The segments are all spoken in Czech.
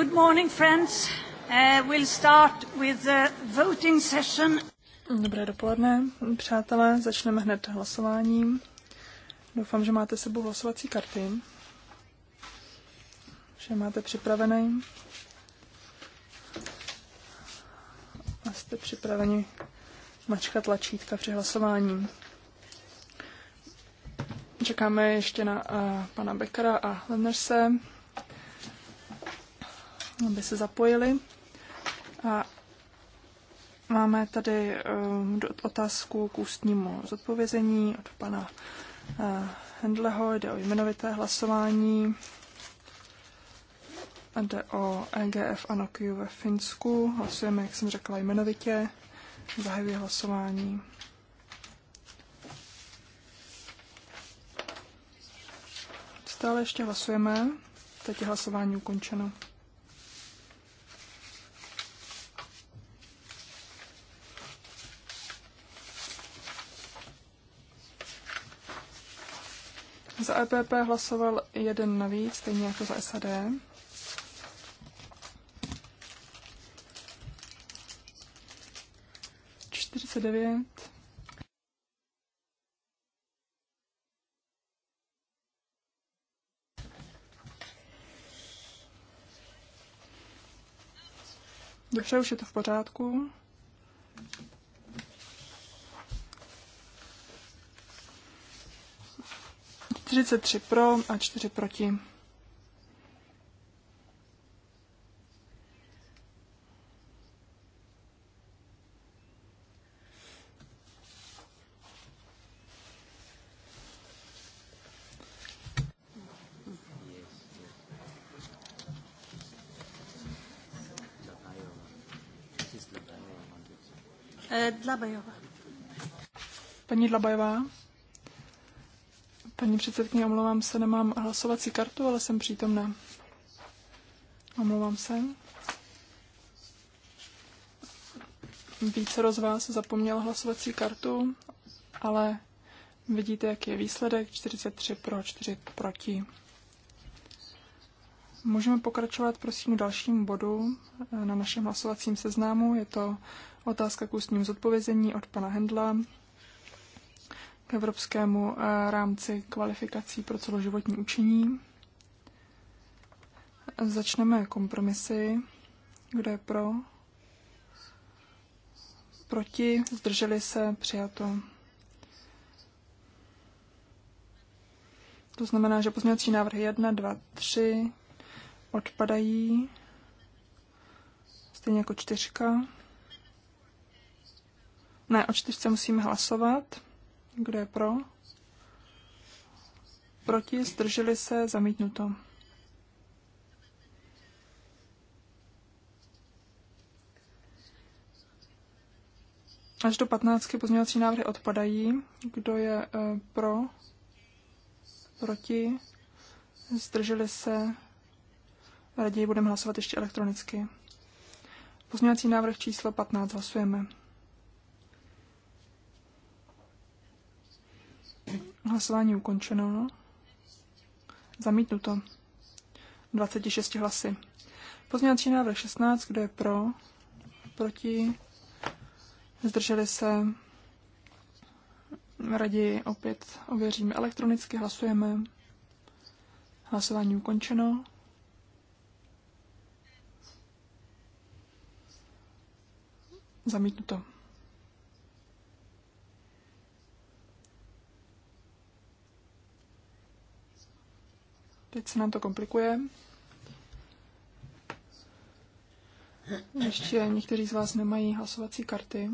Good morning, friends. Uh, we'll start with the voting session. Dobré dopoledne, přátelé. Začneme hned hlasováním. Doufám, že máte sebou hlasovací karty. Že máte připravené. A jste připraveni mačkat tlačítka při hlasování. Čekáme ještě na uh, pana Beckera a Lennerse aby se zapojili. A máme tady um, otázku k ústnímu zodpovězení od pana eh, Hendleho. Jde o jmenovité hlasování. Jde o EGF a Nokia ve Finsku. Hlasujeme, jak jsem řekla, jmenovitě. Zahajuji hlasování. Stále ještě hlasujeme. Teď je hlasování ukončeno. Za EPP hlasoval jeden navíc, stejně jako za SAD. Čtyřicet devět. Dobře, už je to v pořádku. 43 pro a 4 proti. Eh, Dlabajová. Paní Dlabajová. Paní předsedkyně, omlouvám se, nemám hlasovací kartu, ale jsem přítomná. Omlouvám se. Více z vás zapomněl hlasovací kartu, ale vidíte, jaký je výsledek. 43 pro, 4 proti. Můžeme pokračovat prosím k dalšímu bodu na našem hlasovacím seznamu. Je to otázka k ústním zodpovězení od pana Hendla k evropskému eh, rámci kvalifikací pro celoživotní učení. Začneme kompromisy. Kdo je pro? Proti? Zdrželi se? Přijato. To znamená, že pozměňovací návrhy 1, 2, 3 odpadají, stejně jako čtyřka. Ne, o čtyřce musíme hlasovat. Kdo je pro? Proti? Zdrželi se? Zamítnuto. Až do 15 pozměňovací návrhy odpadají. Kdo je eh, pro? Proti? Zdrželi se? Raději budeme hlasovat ještě elektronicky. Pozměňovací návrh číslo 15 hlasujeme. Hlasování ukončeno. Zamítnuto. 26 hlasy. Pozměňovací návrh 16, kdo je pro? Proti? Zdrželi se? Raději opět ověříme elektronicky, hlasujeme. Hlasování ukončeno. Zamítnuto. Teď se nám to komplikuje. Ještě někteří z vás nemají hlasovací karty.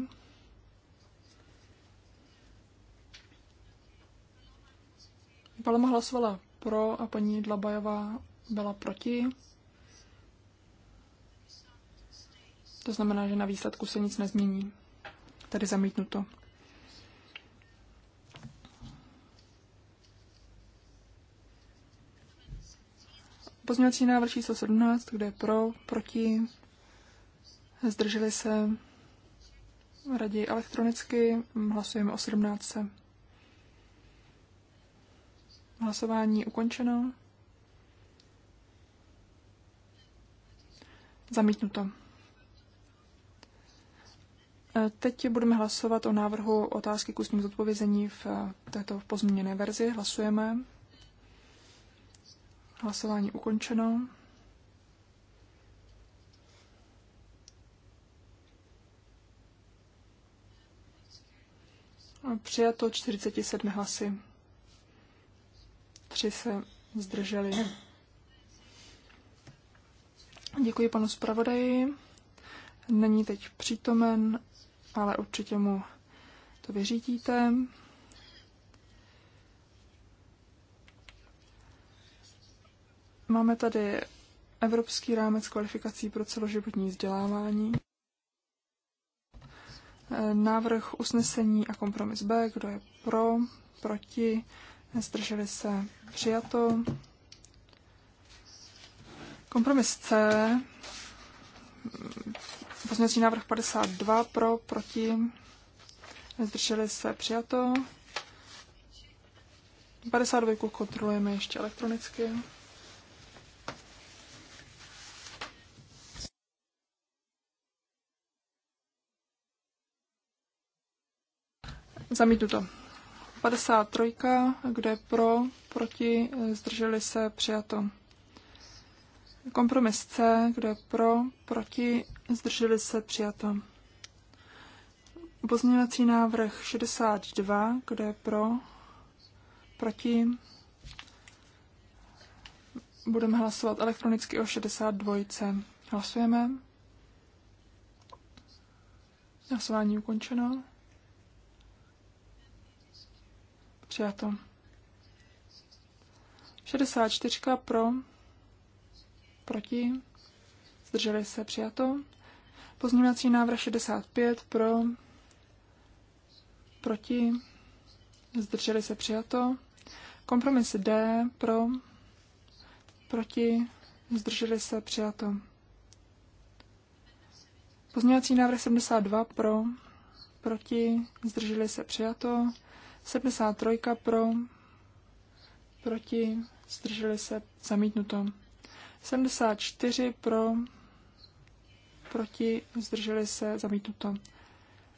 Paloma hlasovala pro a paní Dlabajová byla proti. To znamená, že na výsledku se nic nezmění. Tady zamítnuto. Pozměňovací návrh číslo 17, kde je pro, proti, zdrželi se raději elektronicky, hlasujeme o 17. Hlasování ukončeno. Zamítnuto. E, teď budeme hlasovat o návrhu otázky k ústním zodpovězení v této pozměněné verzi. Hlasujeme. Hlasování ukončeno. Přijato 47 hlasy. Tři se zdrželi. Děkuji panu zpravodaji. Není teď přítomen, ale určitě mu to vyřídíte. Máme tady Evropský rámec kvalifikací pro celoživotní vzdělávání. Návrh usnesení a kompromis B, kdo je pro, proti, zdrželi se, přijato. Kompromis C, pozměňovací návrh 52, pro, proti, zdrželi se, přijato. 52 kontrolujeme ještě elektronicky. Zamítnuto. 53. Kdo je pro? Proti? Zdrželi se? Přijato. Kompromis C. Kdo je pro? Proti? Zdrželi se? Přijato. Pozměňovací návrh 62. Kdo je pro? Proti? Budeme hlasovat elektronicky o 62. Hlasujeme. Hlasování ukončeno. Přijato. 64 pro, proti, zdrželi se, přijato. Pozměňovací návrh 65 pro, proti, zdrželi se, přijato. Kompromis D pro, proti, zdrželi se, přijato. Pozměňovací návrh 72 pro, proti, zdrželi se, přijato. 73 pro, proti, zdrželi se, zamítnuto. 74 pro, proti, zdrželi se, zamítnuto.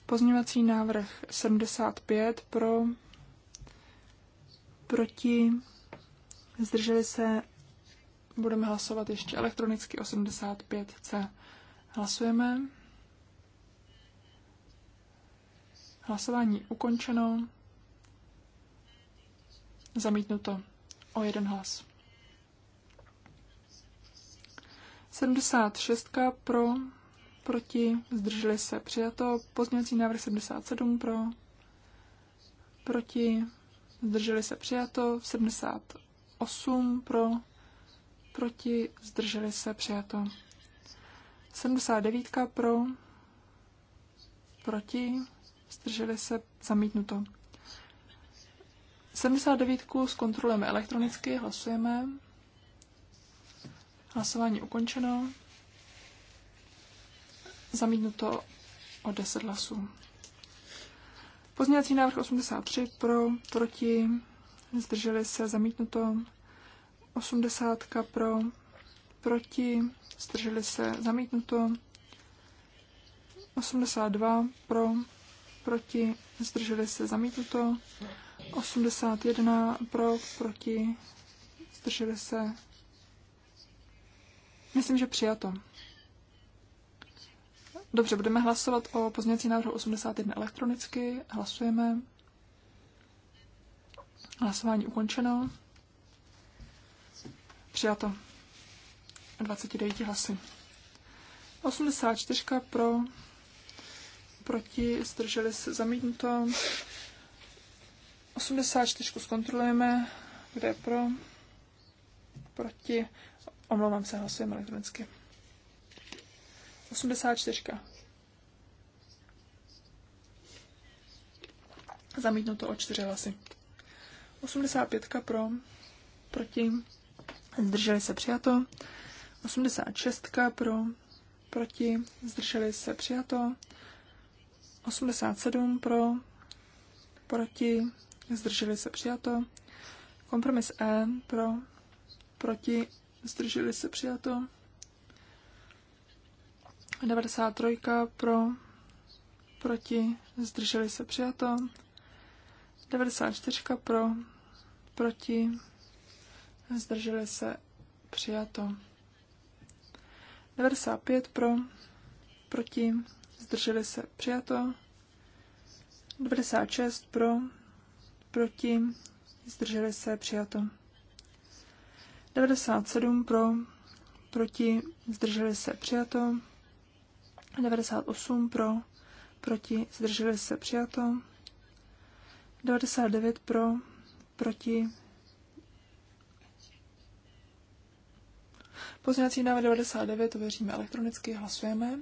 Pozměňovací návrh 75 pro, proti, zdrželi se, budeme hlasovat ještě elektronicky 85C. Hlasujeme. Hlasování ukončeno. Zamítnuto o jeden hlas. 76 pro, proti, zdrželi se přijato. Pozměňovací návrh 77 pro, proti, zdrželi se přijato. 78 pro, proti, zdrželi se přijato. 79 pro, proti, zdrželi se zamítnuto. 79 zkontrolujeme elektronicky, hlasujeme. Hlasování ukončeno. Zamítnuto o 10 hlasů. Pozměňovací návrh 83 pro, proti, zdrželi se, zamítnuto. 80 pro, proti, zdrželi se, zamítnuto. 82 pro, proti, zdrželi se, zamítnuto. 81 pro, proti, zdrželi se. Myslím, že přijato. Dobře, budeme hlasovat o pozměňovací návrhu 81 elektronicky. Hlasujeme. Hlasování ukončeno. Přijato. 29 hlasy. 84 pro, proti, zdrželi se zamítnuto. 84 zkontrolujeme, kde je pro, proti, omlouvám se, hlasujeme elektronicky. 84. zamítnu to o čtyři hlasy. 85 pro, proti, zdrželi se přijato. 86 pro, proti, zdrželi se přijato. 87 pro, proti, zdrželi se přijato. Kompromis E pro, proti, zdrželi se přijato. 93 pro, proti, zdrželi se přijato. 94 pro, proti, zdrželi se přijato. 95 pro, proti, zdrželi se přijato. 96 pro, proti, zdrželi se, přijato. 97 pro, proti, zdrželi se, přijato. 98 pro, proti, zdrželi se, přijato. 99 pro, proti. Pozměňovací návrh 99, to věříme elektronicky, hlasujeme.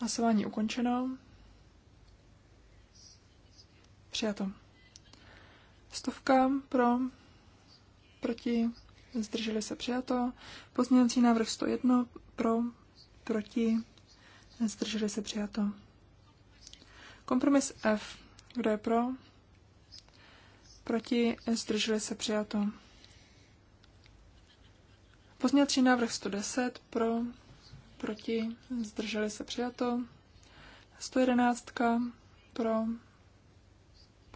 Hlasování ukončeno. Přijato. Stovka pro, proti, zdrželi se přijato. Pozměňovací návrh 101 pro, proti, zdrželi se přijato. Kompromis F. Kdo je pro? Proti, zdrželi se přijato. Pozměňovací návrh 110 pro, proti, zdrželi se přijato. 111 pro,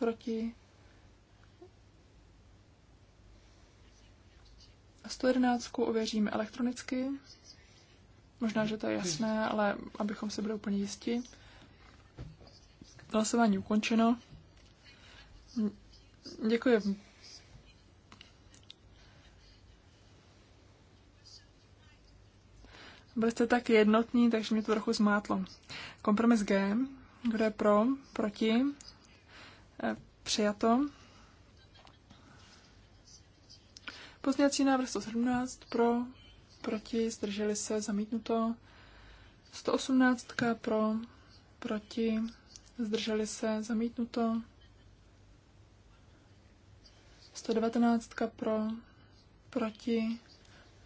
proti. A 111 ověříme elektronicky. Možná, že to je jasné, ale abychom se byli úplně jistí. Hlasování ukončeno. Děkuji. Byli jste tak jednotní, takže mě to trochu zmátlo. Kompromis G. Kdo je pro? Proti? Přijato. Pozněcí návrh 117 pro, proti, zdrželi se, zamítnuto. 118 pro, proti, zdrželi se, zamítnuto. 119 pro, proti,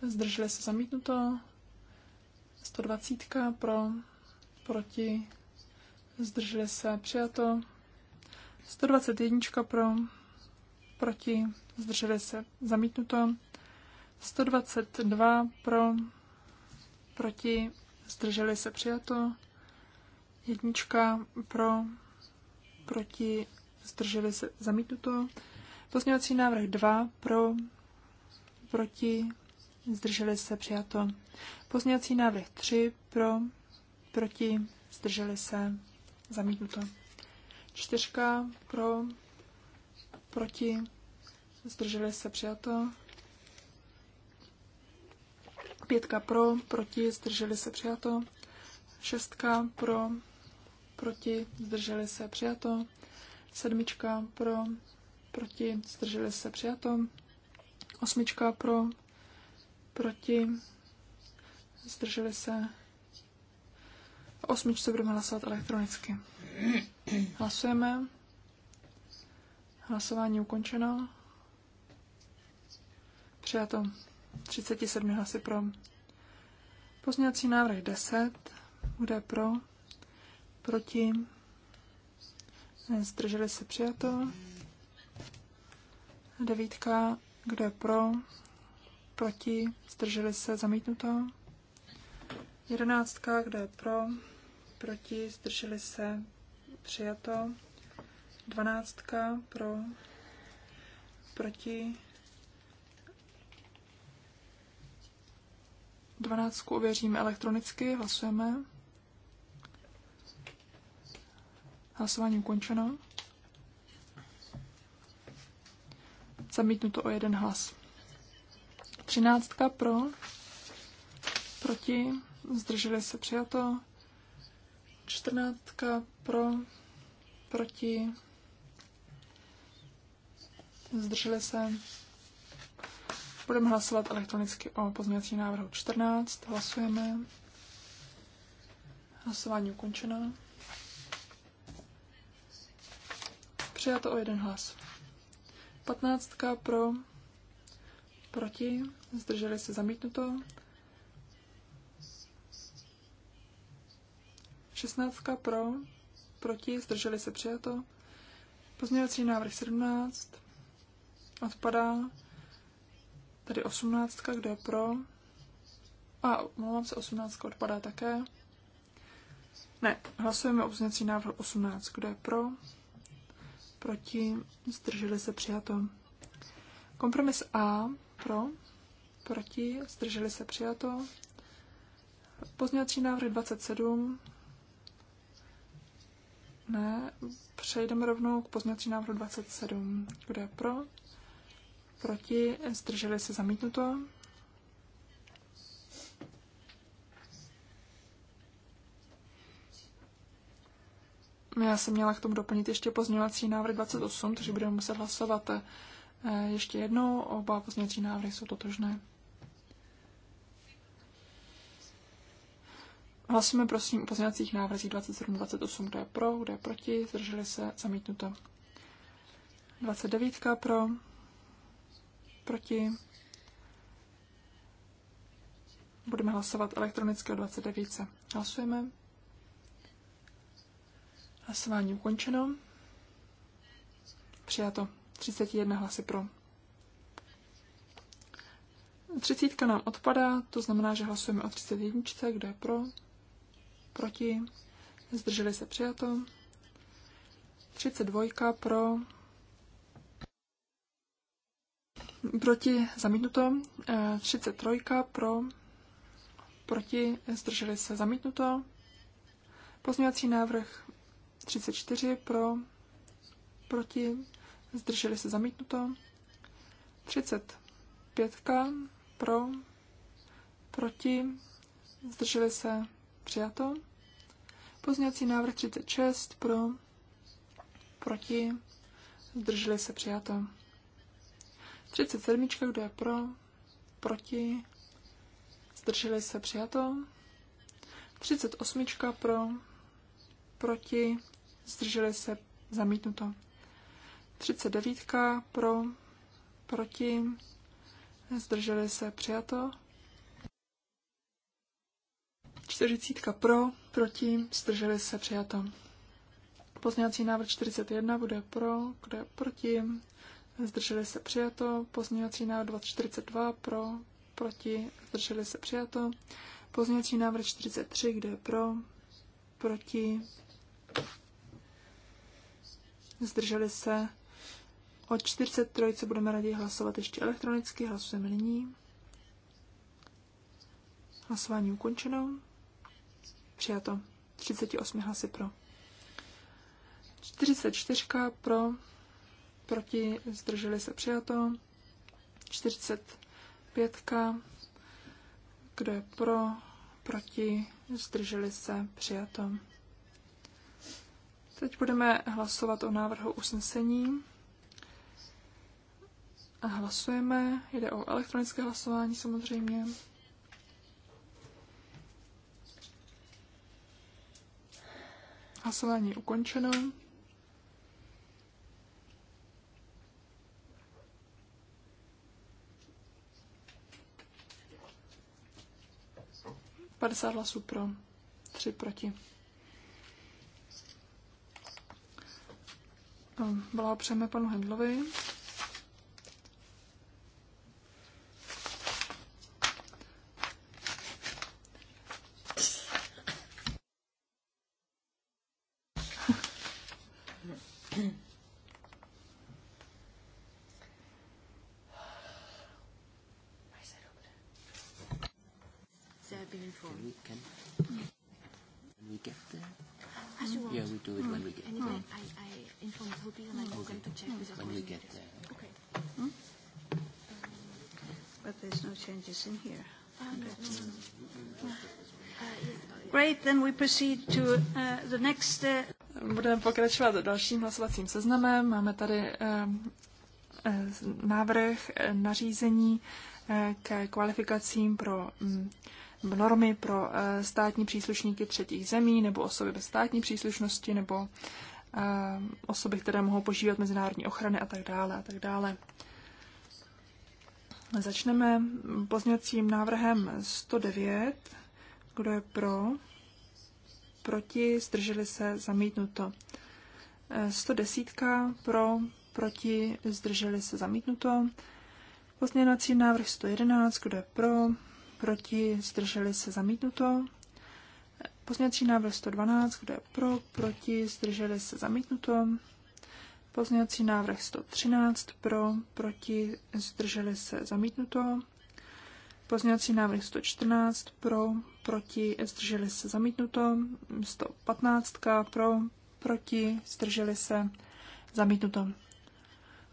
zdrželi se, zamítnuto. 120 pro, proti, zdrželi se, přijato. 121 pro, proti, zdrželi se, zamítnuto. 122 pro, proti, zdrželi se, přijato. Jednička pro, proti, zdrželi se, zamítnuto. Pozměňovací návrh 2 pro, proti, zdrželi se, přijato. Pozměňovací návrh 3 pro, proti, zdrželi se, zamítnuto. Čtyřka pro, proti, zdrželi se přijato. Pětka pro, proti, zdrželi se přijato. Šestka pro, proti, zdrželi se přijato. Sedmička pro, proti, zdrželi se přijato. Osmička pro, proti, zdrželi se. osmičce budeme hlasovat elektronicky. Hlasujeme. Hlasování ukončeno. Přijato 37 hlasy pro. Pozměňovací návrh 10 bude pro, proti, zdrželi se přijato. Devítka, kdo je pro, proti, zdrželi se zamítnuto. Jedenáctka, kdo je pro, proti, zdrželi se přijato. Dvanáctka pro, proti. Dvanáctku ověříme elektronicky, hlasujeme. Hlasování ukončeno. Zamítnuto o jeden hlas. Třináctka pro, proti, zdrželi se přijato. Čtrnáctka pro, proti, zdrželi se. Budeme hlasovat elektronicky o pozměnací návrhu 14. Hlasujeme. Hlasování ukončeno. Přijato o jeden hlas. 15 pro, proti, zdrželi se zamítnuto. 16 pro, proti, zdrželi se přijato. Pozměňovací návrh 17 odpadá. Tady 18, kdo je pro. A omlouvám se, 18 odpadá také. Ne, hlasujeme o pozměňovací návrh 18, kdo je pro. Proti, zdrželi se přijato. Kompromis A pro, proti, zdrželi se přijato. Pozměňovací návrh 27 ne, přejdeme rovnou k pozměňovacímu návrhu 27. Kdo je pro? Proti? Zdrželi se zamítnuto? Já jsem měla k tomu doplnit ještě pozměňovací návrh 28, takže budeme muset hlasovat eh, ještě jednou. Oba pozměňovací návrhy jsou totožné. Hlasujeme prosím o pozměňovacích návrzích 27-28, kdo je pro, kdo je proti, zdrželi se, zamítnuto. 29 pro, proti. Budeme hlasovat elektronicky o 29. Hlasujeme. Hlasování ukončeno. Přijato 31 hlasy pro. 30 nám odpadá, to znamená, že hlasujeme o 31, kdo je pro, proti, zdrželi se přijato. 32 pro, proti, zamítnuto. 33 pro, proti, zdrželi se zamítnuto. Pozměňovací návrh 34 pro, proti, zdrželi se zamítnuto. 35 pro, proti, zdrželi se Přijato. Pozněcí návrh 36 pro, proti, zdrželi se přijato. 37, kdo je pro, proti, zdrželi se přijato. 38 pro, proti, zdrželi se zamítnuto. 39 pro, proti, zdrželi se přijato. 40 pro, proti, zdrželi se přijato. Pozměňovací návrh 41 bude pro, kde proti, zdrželi se přijato. Pozměňovací návrh 42 pro, proti, zdrželi se přijato. Pozměňovací návrh 43, kde je pro, proti, zdrželi se. O 43 budeme raději hlasovat ještě elektronicky, hlasujeme nyní. Hlasování ukončeno. Přijato. 38 hlasy pro. 44 pro. Proti. Zdrželi se. Přijato. 45. Kdo je pro? Proti. Zdrželi se. Přijato. Teď budeme hlasovat o návrhu usnesení. A hlasujeme. Jde o elektronické hlasování samozřejmě. Hlasování ukončeno. Padesát hlasů pro, tři proti. Blahopřejeme panu Hendlovi. right, then we proceed to uh, the next... Uh... Budeme pokračovat dalším hlasovacím seznamem. Máme tady um, eh, návrh nařízení eh, k kvalifikacím pro um, normy pro eh, státní příslušníky třetích zemí nebo osoby bez státní příslušnosti nebo osoby, které mohou požívat mezinárodní ochrany a tak dále a tak dále. Začneme pozměňovacím návrhem 109. Kdo je pro? proti, zdrželi se, zamítnuto. 110 eh, pro, proti, zdrželi se, zamítnuto. Pozměňovací návrh 111, kdo je pro, proti, zdrželi se, zamítnuto. Pozměňovací návrh 112, kdo je pro, proti, zdrželi se, zamítnuto. Pozměňovací návrh 113, pro, proti, zdrželi se, zamítnuto. Pozměňovací návrh 114 pro, proti, zdrželi se zamítnuto. 115 pro, proti, zdrželi se zamítnuto.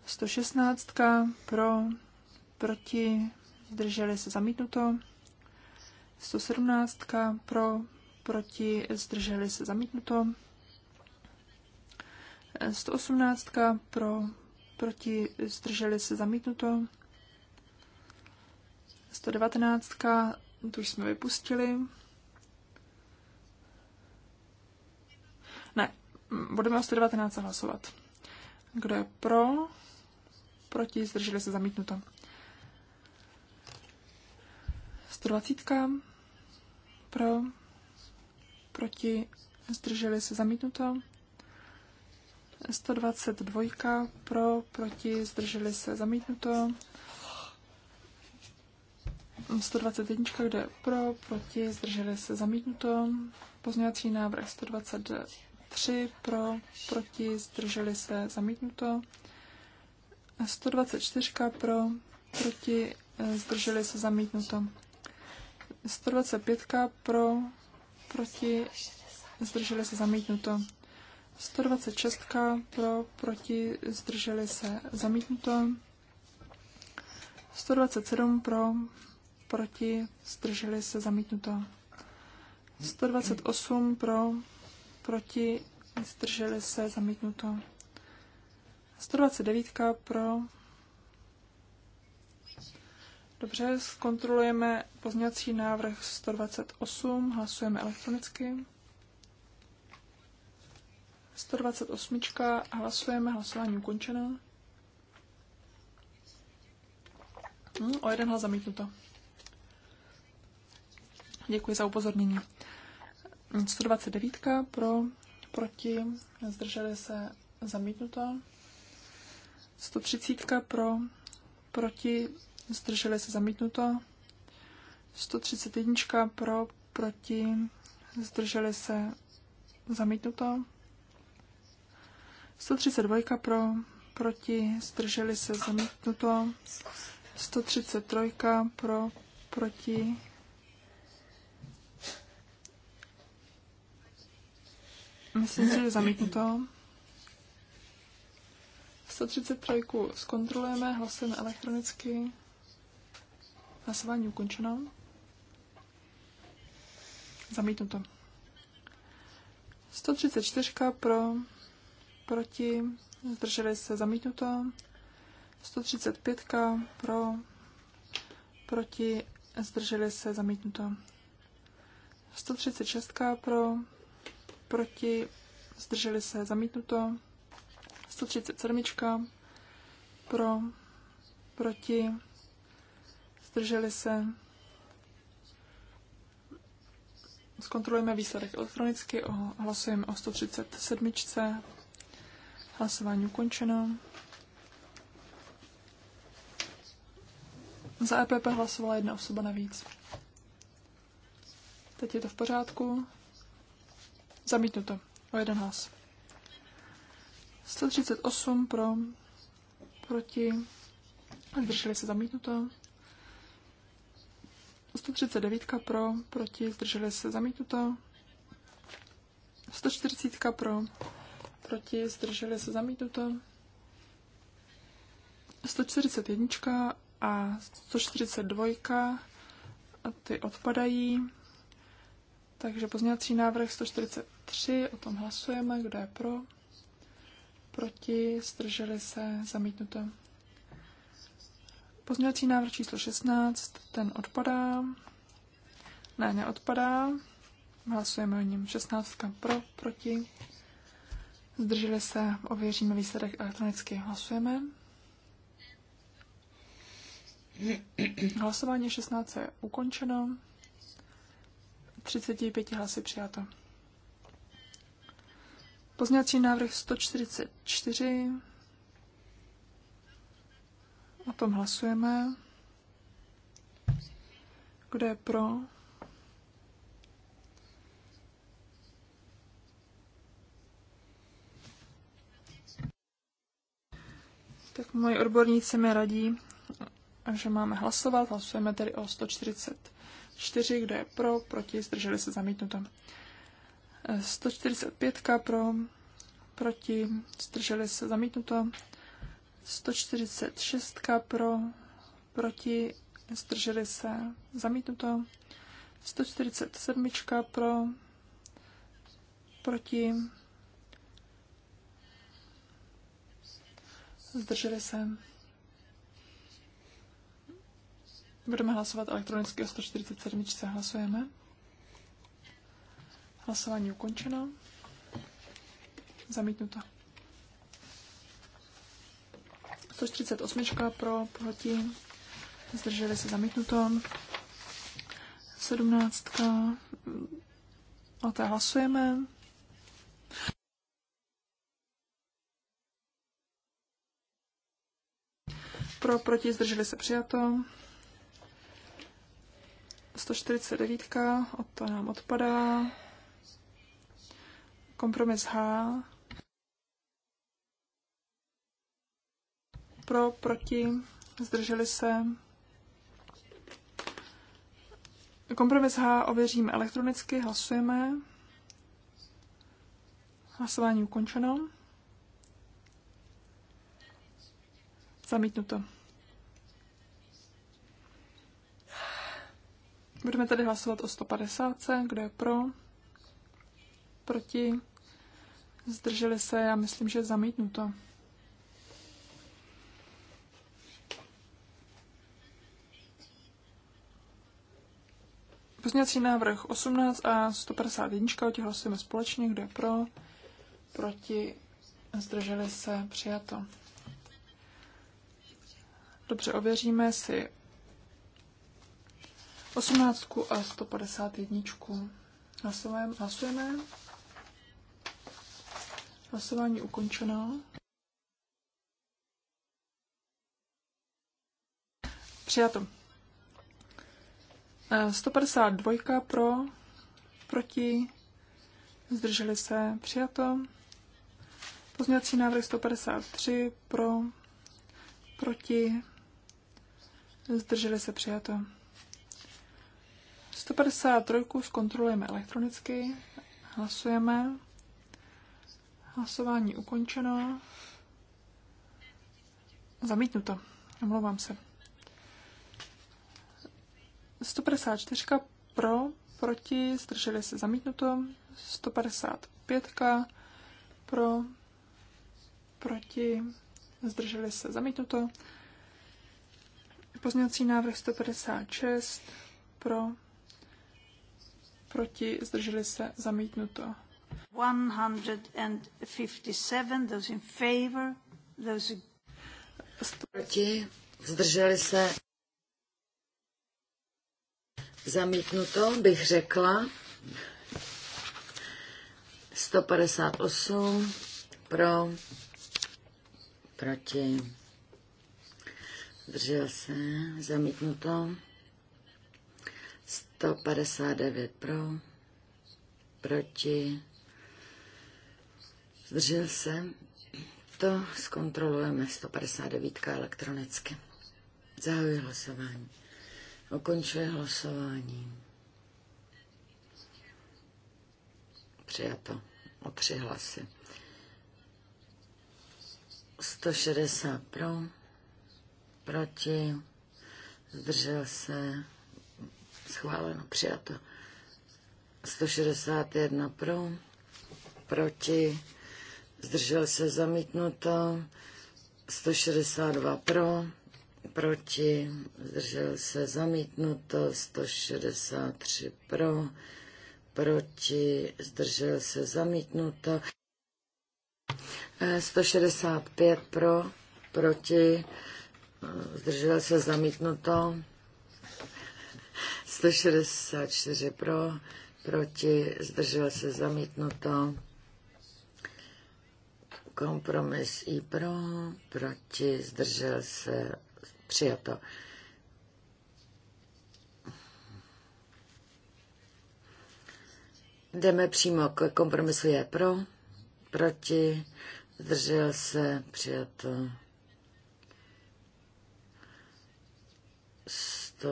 116 pro, proti, zdrželi se zamítnuto. 117 pro, proti, zdrželi se zamítnuto. 118 pro, proti, zdrželi se zamítnuto. 119, To už jsme vypustili. Ne, budeme o 119 hlasovat. Kdo je pro? Proti, zdrželi se zamítnuto. 120. Pro. Proti, zdrželi se zamítnuto. 122. Pro, proti, zdrželi se zamítnuto. 121, kde pro, proti, zdrželi se zamítnuto. Pozměňovací návrh 123, pro, proti, zdrželi se zamítnuto. 124 pro, proti, zdrželi se zamítnuto. 125 pro, proti, zdrželi se zamítnuto. 126 pro, proti, zdrželi se zamítnuto. 127 pro, proti, zdrželi se, zamítnuto. 128 pro, proti, zdrželi se, zamítnuto. 129 pro. Dobře, zkontrolujeme pozněcí návrh 128, hlasujeme elektronicky. 128, hlasujeme, hlasování ukončeno. Hmm, o jeden hlas zamítnuto. Děkuji za upozornění. 129 pro, proti, zdrželi se zamítnuto. 130 pro, proti, zdrželi se zamítnuto. 131 pro, proti, zdrželi se zamítnuto. 132 pro, proti, zdrželi se zamítnuto. 133 pro, proti, Myslím si, že zamítnuto. 133 zkontrolujeme, hlasujeme elektronicky. Hlasování ukončeno. Zamítnuto. 134 pro, proti, zdrželi se zamítnuto. 135 pro, proti, zdrželi se zamítnuto. 136 pro, proti, zdrželi se, zamítnuto. 137 pro, proti, zdrželi se. Zkontrolujeme výsledek elektronicky, hlasujeme o 137. Hlasování ukončeno. Za EPP hlasovala jedna osoba navíc. Teď je to v pořádku. Zamítnuto. O jeden hlas. 138 pro, proti, zdrželi se zamítnuto. 139 pro, proti, zdrželi se zamítnuto. 140 pro, proti, zdrželi se zamítnuto. 141 a 142 a ty odpadají. Takže pozměňovací návrh 143, o tom hlasujeme, kdo je pro, proti, strželi se, zamítnuto. Pozměňovací návrh číslo 16, ten odpadá. Ne, neodpadá. Hlasujeme o něm 16 pro, proti. Zdrželi se, ověříme výsledek elektronicky. Hlasujeme. Hlasování 16 je ukončeno. 35 hlasy přijato. Pozměňovací návrh 144. O tom hlasujeme. Kdo je pro? Tak moji odborníci mi radí, že máme hlasovat. Hlasujeme tedy o 140. 4, kdo je pro, proti, zdrželi se zamítnuto. 145 pro, proti, zdrželi se zamítnuto. 146 pro, proti, zdrželi se zamítnuto. 147 pro, proti, zdrželi se Budeme hlasovat elektronicky o 147. Hlasujeme. Hlasování ukončeno. Zamítnuto. 148 pro, proti, zdrželi se zamítnuto. 17. O té hlasujeme. Pro, proti, zdrželi se přijato. 149, od to nám odpadá. Kompromis H. Pro, proti, zdrželi se. Kompromis H ověříme elektronicky, hlasujeme. Hlasování ukončeno. Zamítnuto. Budeme tady hlasovat o 150. Kdo je pro? Proti? Zdrželi se, já myslím, že to. Pozměňovací návrh 18 a 151, o těch hlasujeme společně, kdo je pro, proti, zdrželi se, přijato. Dobře, ověříme si 18 a 151. Hlasujeme. hlasujeme. Hlasování ukončeno. Přijato. 152 e, pro, proti, zdrželi se, přijato. Pozměňovací návrh 153 pro, proti, zdrželi se, přijato. 153 zkontrolujeme elektronicky, hlasujeme. Hlasování ukončeno. Zamítnuto. Omlouvám se. 154 pro, proti, zdrželi se zamítnuto. 155 pro, proti, zdrželi se zamítnuto. Pozměňovací návrh 156 pro, proti, zdrželi se, zamítnuto. 157, those in favor, those Proti, zdrželi se, zamítnuto, bych řekla. 158 pro, proti, zdržel se, zamítnuto. 159 pro, proti, zdržel se. To zkontrolujeme 159 elektronicky. Zahajuji hlasování. Ukončuji hlasování. Přijato o tři hlasy. 160 pro, proti, zdržel se, schváleno, přijato. 161 pro, proti, zdržel se zamítnuto, 162 pro, proti, zdržel se zamítnuto, 163 pro, proti, zdržel se zamítnuto, 165 eh, pro, proti, eh, zdržel se zamítnuto, 164 pro, proti, zdržel se zamítnuto. Kompromis i pro, proti, zdržel se přijato. Jdeme přímo k kompromisu je pro, proti, zdržel se, přijato. 100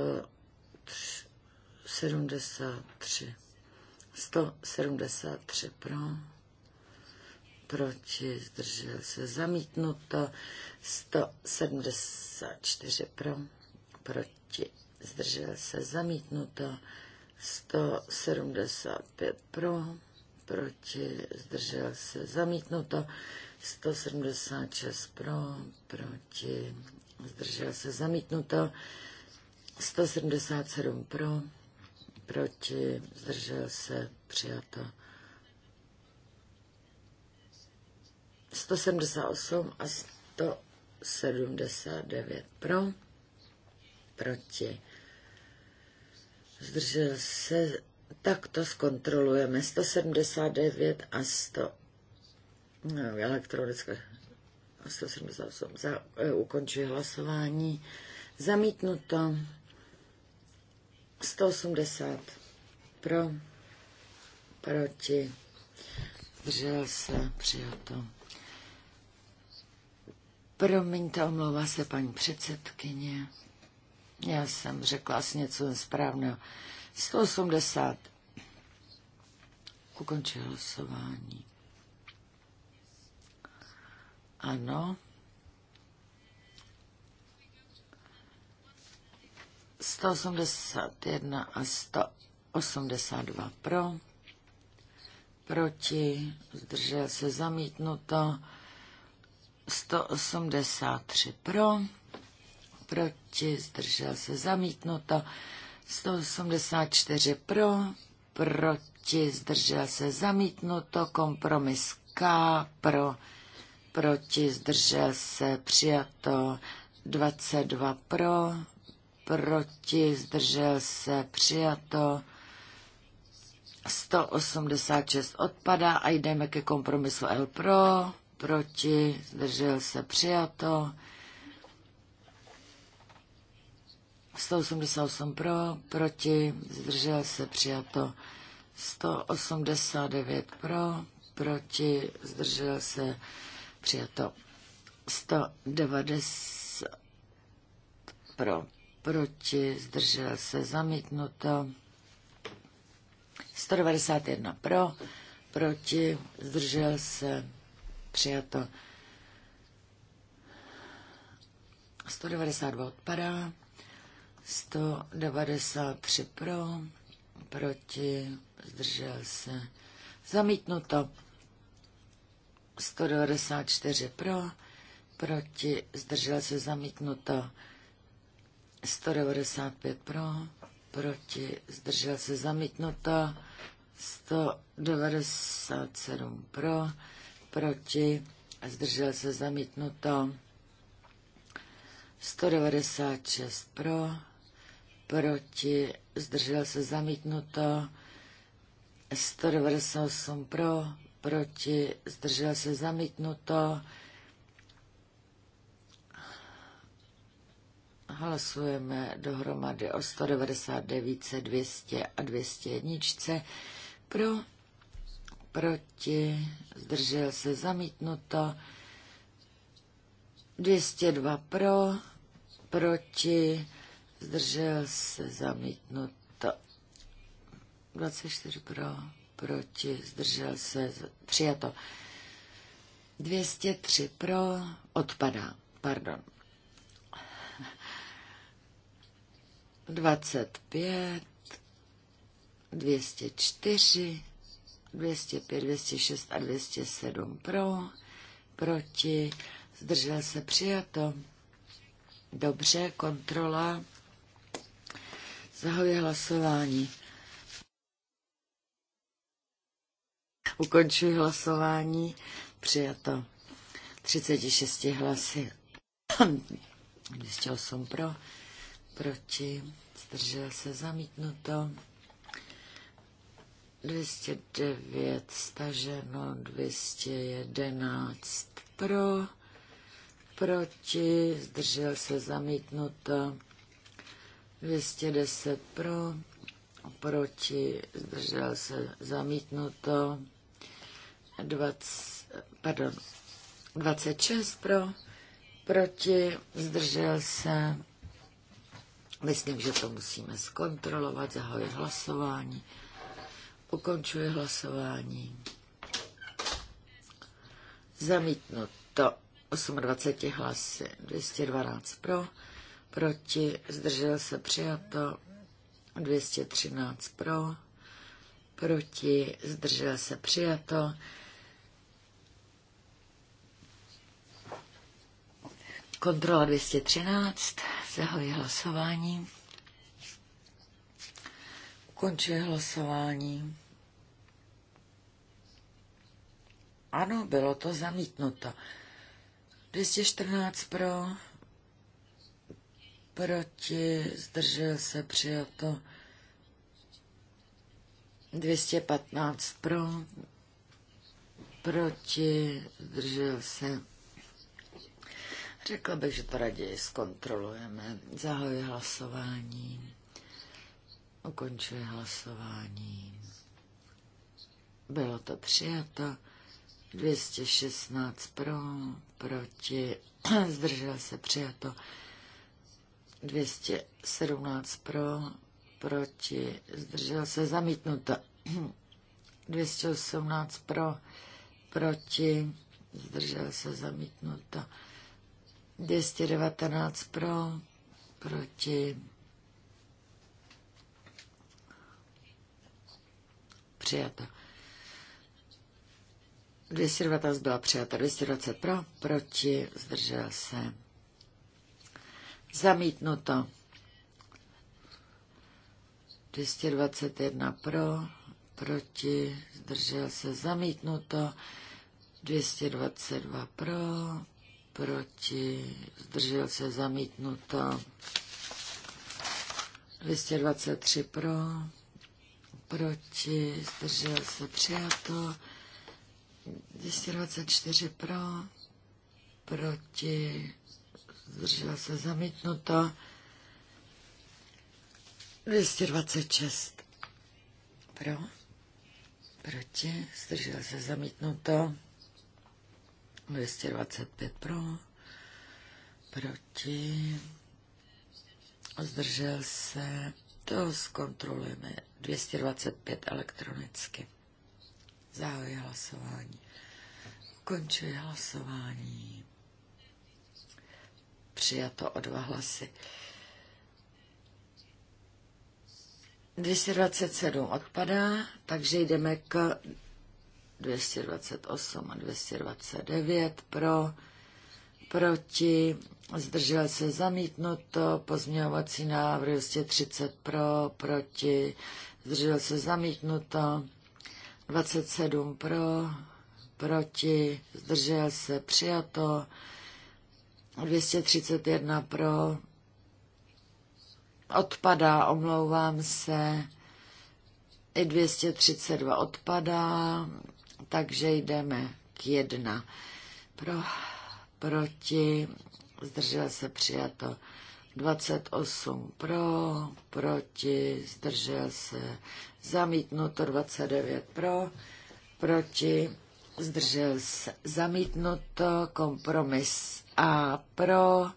173 pro. Proti zdržel se zamítnuto. 174 pro. Proti zdržel se zamítnuto. 175 pro. Proti zdržel se zamítnuto. 176 pro. Proti zdržel se zamítnuto. 177 pro proti, zdržel se, přijato. 178 a 179 pro, proti, zdržel se, tak to zkontrolujeme, 179 a 100, no, elektronické, 178, za, e, ukončuji hlasování, zamítnuto, 180 pro, proti, držel se, přijel to. Promiňte, omlouvá se paní předsedkyně. Já jsem řekla asi něco správného. 180. Ukončil hlasování. Ano. 181 a 182 pro, proti, zdržel se zamítnuto, 183 pro, proti, zdržel se zamítnuto, 184 pro, proti, zdržel se zamítnuto, kompromis K pro, proti, zdržel se přijato, 22 pro, proti, zdržel se, přijato. 186 odpadá a jdeme ke kompromisu L pro, proti, zdržel se, přijato. 188 pro, proti, zdržel se, přijato. 189 pro, proti, zdržel se, přijato. 190 pro, proti, zdržel se zamítnuto. 191 pro, proti, zdržel se přijato. 192 odpadá, 193 pro, proti, zdržel se zamítnuto. 194 pro, proti, zdržel se zamítnuto. 195 pro, proti, zdržel se zamítnuto, 197 pro, proti, zdržel se zamítnuto, 196 pro, proti, zdržel se zamítnuto, 198 pro, proti, zdržel se zamítnuto, Hlasujeme dohromady o 199, 200 a 201. Pro, proti, zdržel se zamítnuto. 202 pro, proti, zdržel se zamítnuto. 24 pro, proti, zdržel se, přijato. 203 pro, odpadá, pardon. 25, 204, 205, 206 a 207 pro, proti, zdržel se přijato. Dobře, kontrola. Zahajuje hlasování. Ukončuji hlasování. Přijato 36 hlasy. 208 pro, proti, zdržel se zamítnuto. 209 staženo, 211 pro, proti, zdržel se zamítnuto, 210 pro, proti, zdržel se zamítnuto, 20, pardon, 26 pro, proti, zdržel se Myslím, že to musíme zkontrolovat, zahojit hlasování. Ukončuji hlasování. Zamítnuto 28 hlasy, 212 pro, proti, zdržel se přijato, 213 pro, proti, zdržel se přijato, Kontrola 213. zahojí hlasování. ukončuje hlasování. Ano, bylo to zamítnuto. 214 pro, proti, zdržel se, přijato. 215 pro, proti, zdržel se, Řekla bych, že to raději zkontrolujeme. Zahoj hlasování. ukončuje hlasování. Bylo to přijato. 216 pro, proti, zdržel se přijato. 217 pro, proti, zdržel se zamítnuto. 218 pro, proti, zdržel se zamítnuto. 219 pro, proti, přijata. 219 byla přijata, 220 pro, proti, zdržel se. Zamítnuto. 221 pro, proti, zdržel se, zamítnuto. 222 pro, proti, zdržel se zamítnuto. 223 pro, proti, zdržel se přijato. 224 pro, proti, zdržel se zamítnuto. 226 pro, proti, zdržel se zamítnuto. 225 pro, proti, zdržel se, to zkontrolujeme, 225 elektronicky. Zahajuji hlasování. Ukončuji hlasování. Přijato o dva hlasy. 227 odpadá, takže jdeme k 228 a 229 pro, proti, zdržel se zamítnuto, pozměňovací návrh 230 pro, proti, zdržel se zamítnuto, 27 pro, proti, zdržel se přijato, 231 pro, odpadá, omlouvám se, i 232 odpadá, takže jdeme k jedna. Pro, proti, zdržel se přijato. 28 pro, proti, zdržel se, zamítnuto 29 pro, proti, zdržel se, zamítnuto, kompromis a pro,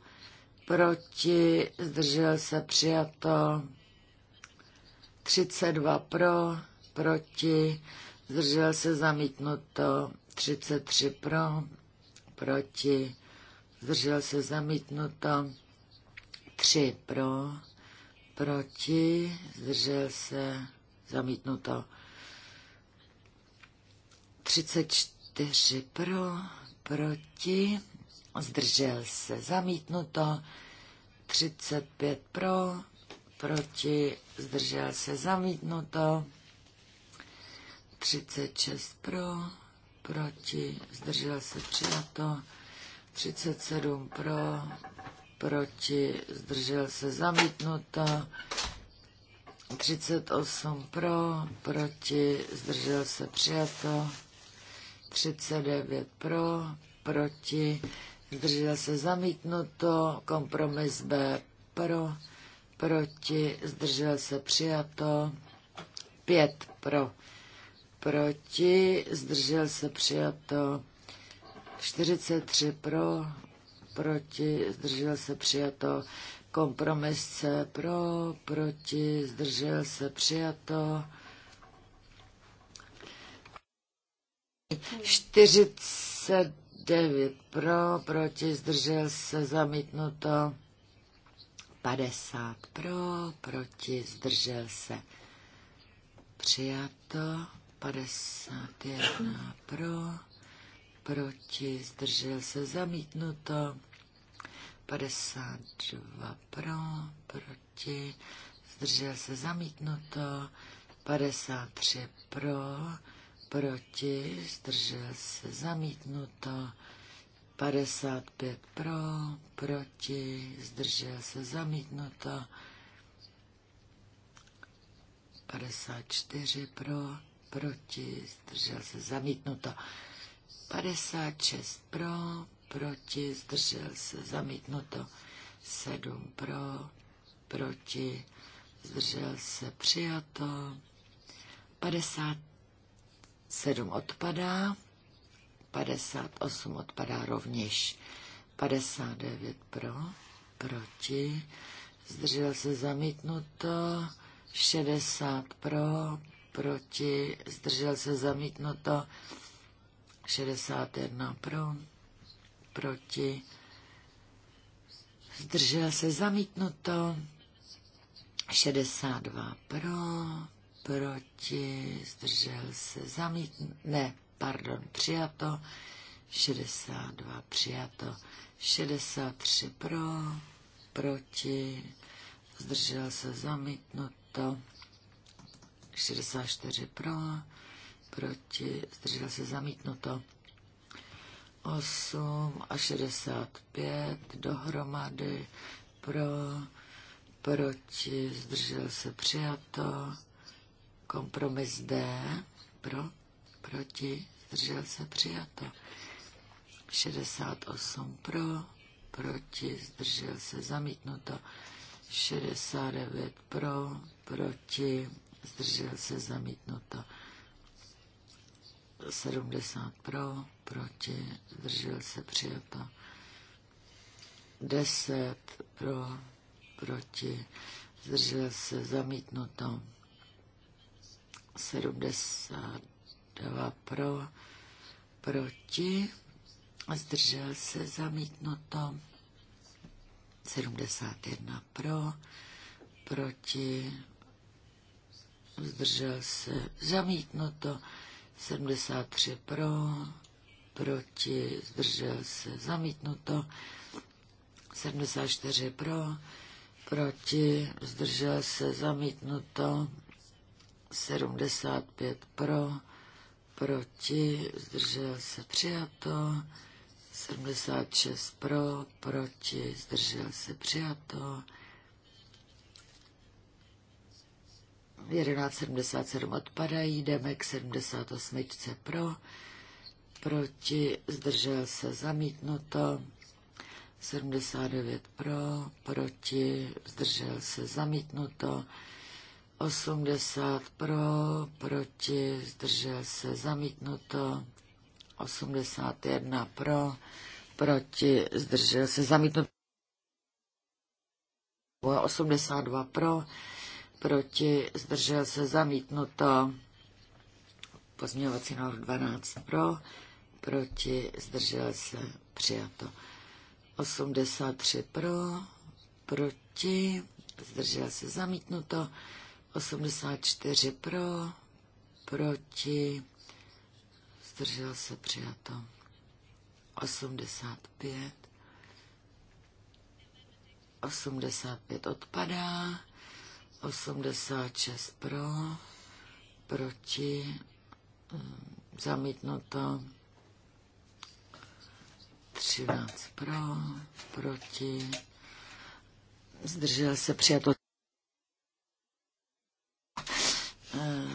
proti, zdržel se, přijato, 32 pro, proti, zdržel se zamítnuto 33 pro, proti, zdržel se zamítnuto 3 pro, proti, zdržel se zamítnuto 34 pro, proti, zdržel se zamítnuto 35 pro, proti, zdržel se zamítnuto 36 pro, proti, zdržel se přijato, 37 pro, proti, zdržel se zamítnuto, 38 pro, proti, zdržel se přijato, 39 pro, proti, zdržel se zamítnuto, kompromis B pro, proti, zdržel se přijato, 5 pro proti, zdržel se přijato 43 pro, proti, zdržel se přijato kompromis C pro, proti, zdržel se přijato 49 pro, proti, zdržel se zamítnuto 50 pro, proti, zdržel se přijato. 51 pro, proti, zdržel se zamítnuto, 52 pro, proti, zdržel se zamítnuto, 53 pro, proti, zdržel se zamítnuto, 55 pro, proti, zdržel se zamítnuto, 54 pro, proti, zdržel se zamítnuto. 56 pro, proti, zdržel se zamítnuto. 7 pro, proti, zdržel se přijato. 57 odpadá, 58 odpadá rovněž. 59 pro, proti, zdržel se zamítnuto, 60 pro, proti, zdržel se zamítnuto, 61 pro, proti, zdržel se zamítnuto, 62 pro, proti, zdržel se zamítnuto, ne, pardon, přijato, 62 přijato, 63 pro, proti, zdržel se zamítnuto, 64 pro, proti, zdržel se zamítnuto. 8 a 65 dohromady pro, proti, zdržel se přijato. Kompromis D pro, proti, zdržel se přijato. 68 pro, proti, zdržel se zamítnuto. 69 pro, proti, zdržel se zamítnuto. 70 pro, proti, zdržel se přijato. 10 pro, proti, zdržel se zamítnuto. 72 pro, proti, zdržel se zamítnuto. 71 pro, proti, zdržel se, zamítnuto, 73 pro, proti, zdržel se, zamítnuto, 74 pro, proti, zdržel se, zamítnuto, 75 pro, proti, zdržel se, přijato, 76 pro, proti, zdržel se, přijato, 1177 odpadají, jdeme k 78 pro, proti, zdržel se zamítnuto, 79 pro, proti, zdržel se zamítnuto, 80 pro, proti, zdržel se zamítnuto, 81 pro, proti, zdržel se zamítnuto, 82 pro, proti, zdržel se zamítnuto. Pozměňovací návrh 12 pro, proti, zdržel se přijato. 83 pro, proti, zdržel se zamítnuto. 84 pro, proti, zdržel se přijato. 85. 85 odpadá. 86 pro, proti, eh, zamítnuto 13 pro, proti, zdržel se přijato eh,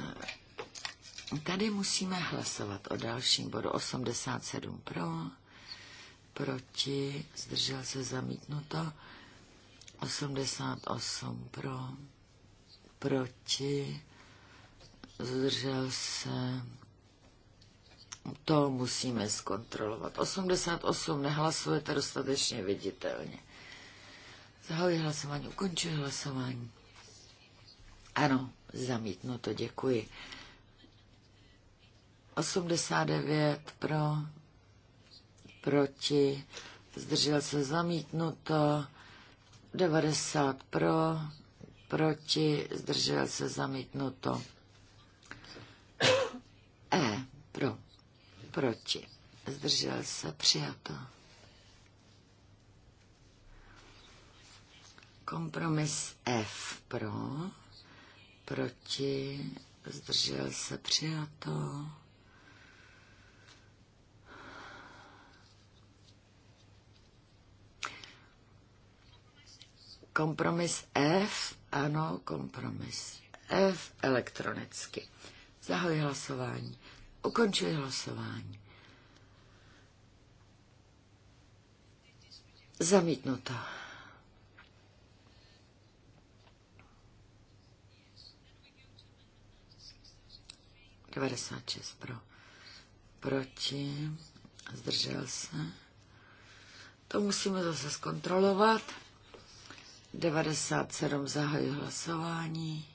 tady musíme hlasovat o dalším bodu 87 pro, proti, zdržel se zamítnuto, 88 pro, proti, zdržel se, to musíme zkontrolovat. 88 nehlasujete dostatečně viditelně. Zahajuji hlasování, ukončuji hlasování. Ano, zamítnuto, děkuji. 89 pro, proti, zdržel se zamítnuto, 90 pro, proti, zdržel se zamítnuto. E, pro, proti, zdržel se přijato. Kompromis F pro, proti, zdržel se přijato. Kompromis F, ano, kompromis F elektronicky. Zahoj hlasování. Ukončuji hlasování. Zamítnuto. Devadesát šest pro. Proti. Zdržel se. To musíme zase zkontrolovat. 97 zahajuji hlasování.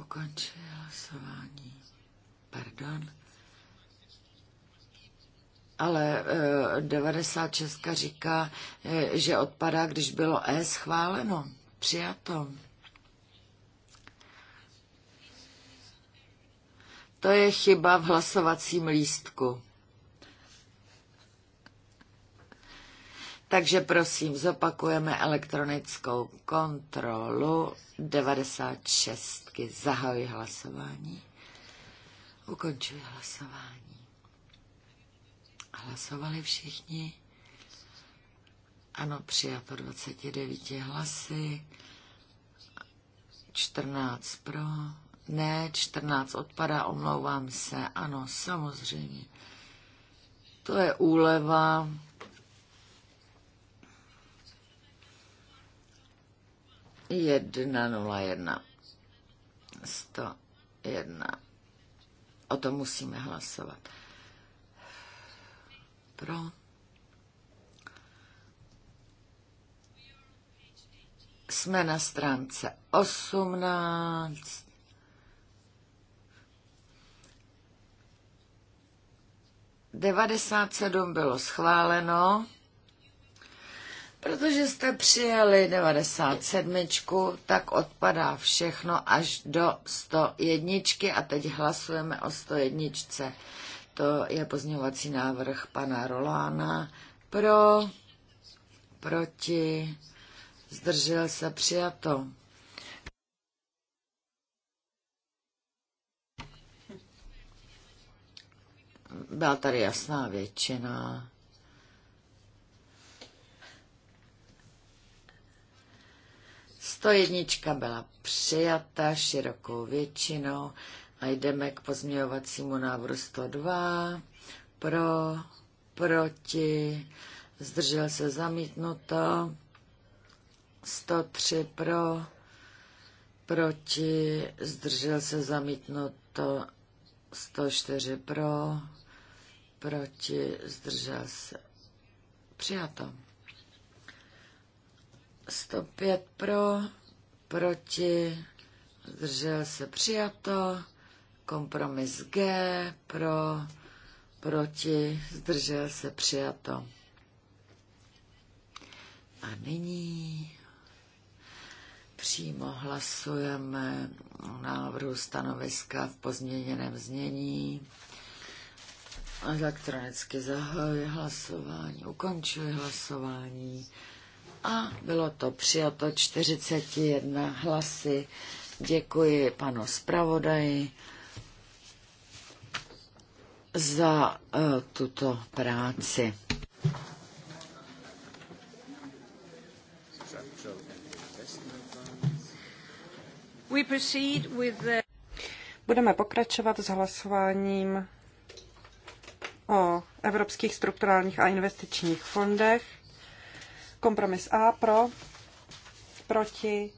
Ukončuji hlasování. Pardon. Ale eh, 96 říká, eh, že odpadá, když bylo E schváleno. Přijato. To je chyba v hlasovacím lístku. Takže prosím, zopakujeme elektronickou kontrolu 96. Zahajuji hlasování. Ukončuji hlasování. Hlasovali všichni. Ano, přijato 29 hlasy. 14 pro. Ne, 14 odpadá, omlouvám se. Ano, samozřejmě. To je úleva. 101. 101. O tom musíme hlasovat. Pro. Jsme na stránce 18. Devadesát sedm bylo schváleno. Protože jste přijali 97, tak odpadá všechno až do 101 a teď hlasujeme o 101. To je pozměňovací návrh pana Rolána. Pro, proti, zdržel se přijato. Byla tady jasná většina. 101 byla přijata širokou většinou a jdeme k pozměňovacímu návrhu 102. Pro, proti, zdržel se zamítnuto. 103 pro, proti, zdržel se zamítnuto. 104 pro, proti, zdržel se. Přijato. 105 pro, proti, zdržel se přijato, kompromis G pro, proti, zdržel se přijato. A nyní přímo hlasujeme o návrhu stanoviska v pozměněném znění. Elektronicky zahajuji hlasování, ukončuji hlasování. A bylo to přijato 41 hlasy. Děkuji panu zpravodaji za uh, tuto práci. We proceed with the... Budeme pokračovat s hlasováním o evropských strukturálních a investičních fondech. Kompromis A pro, proti,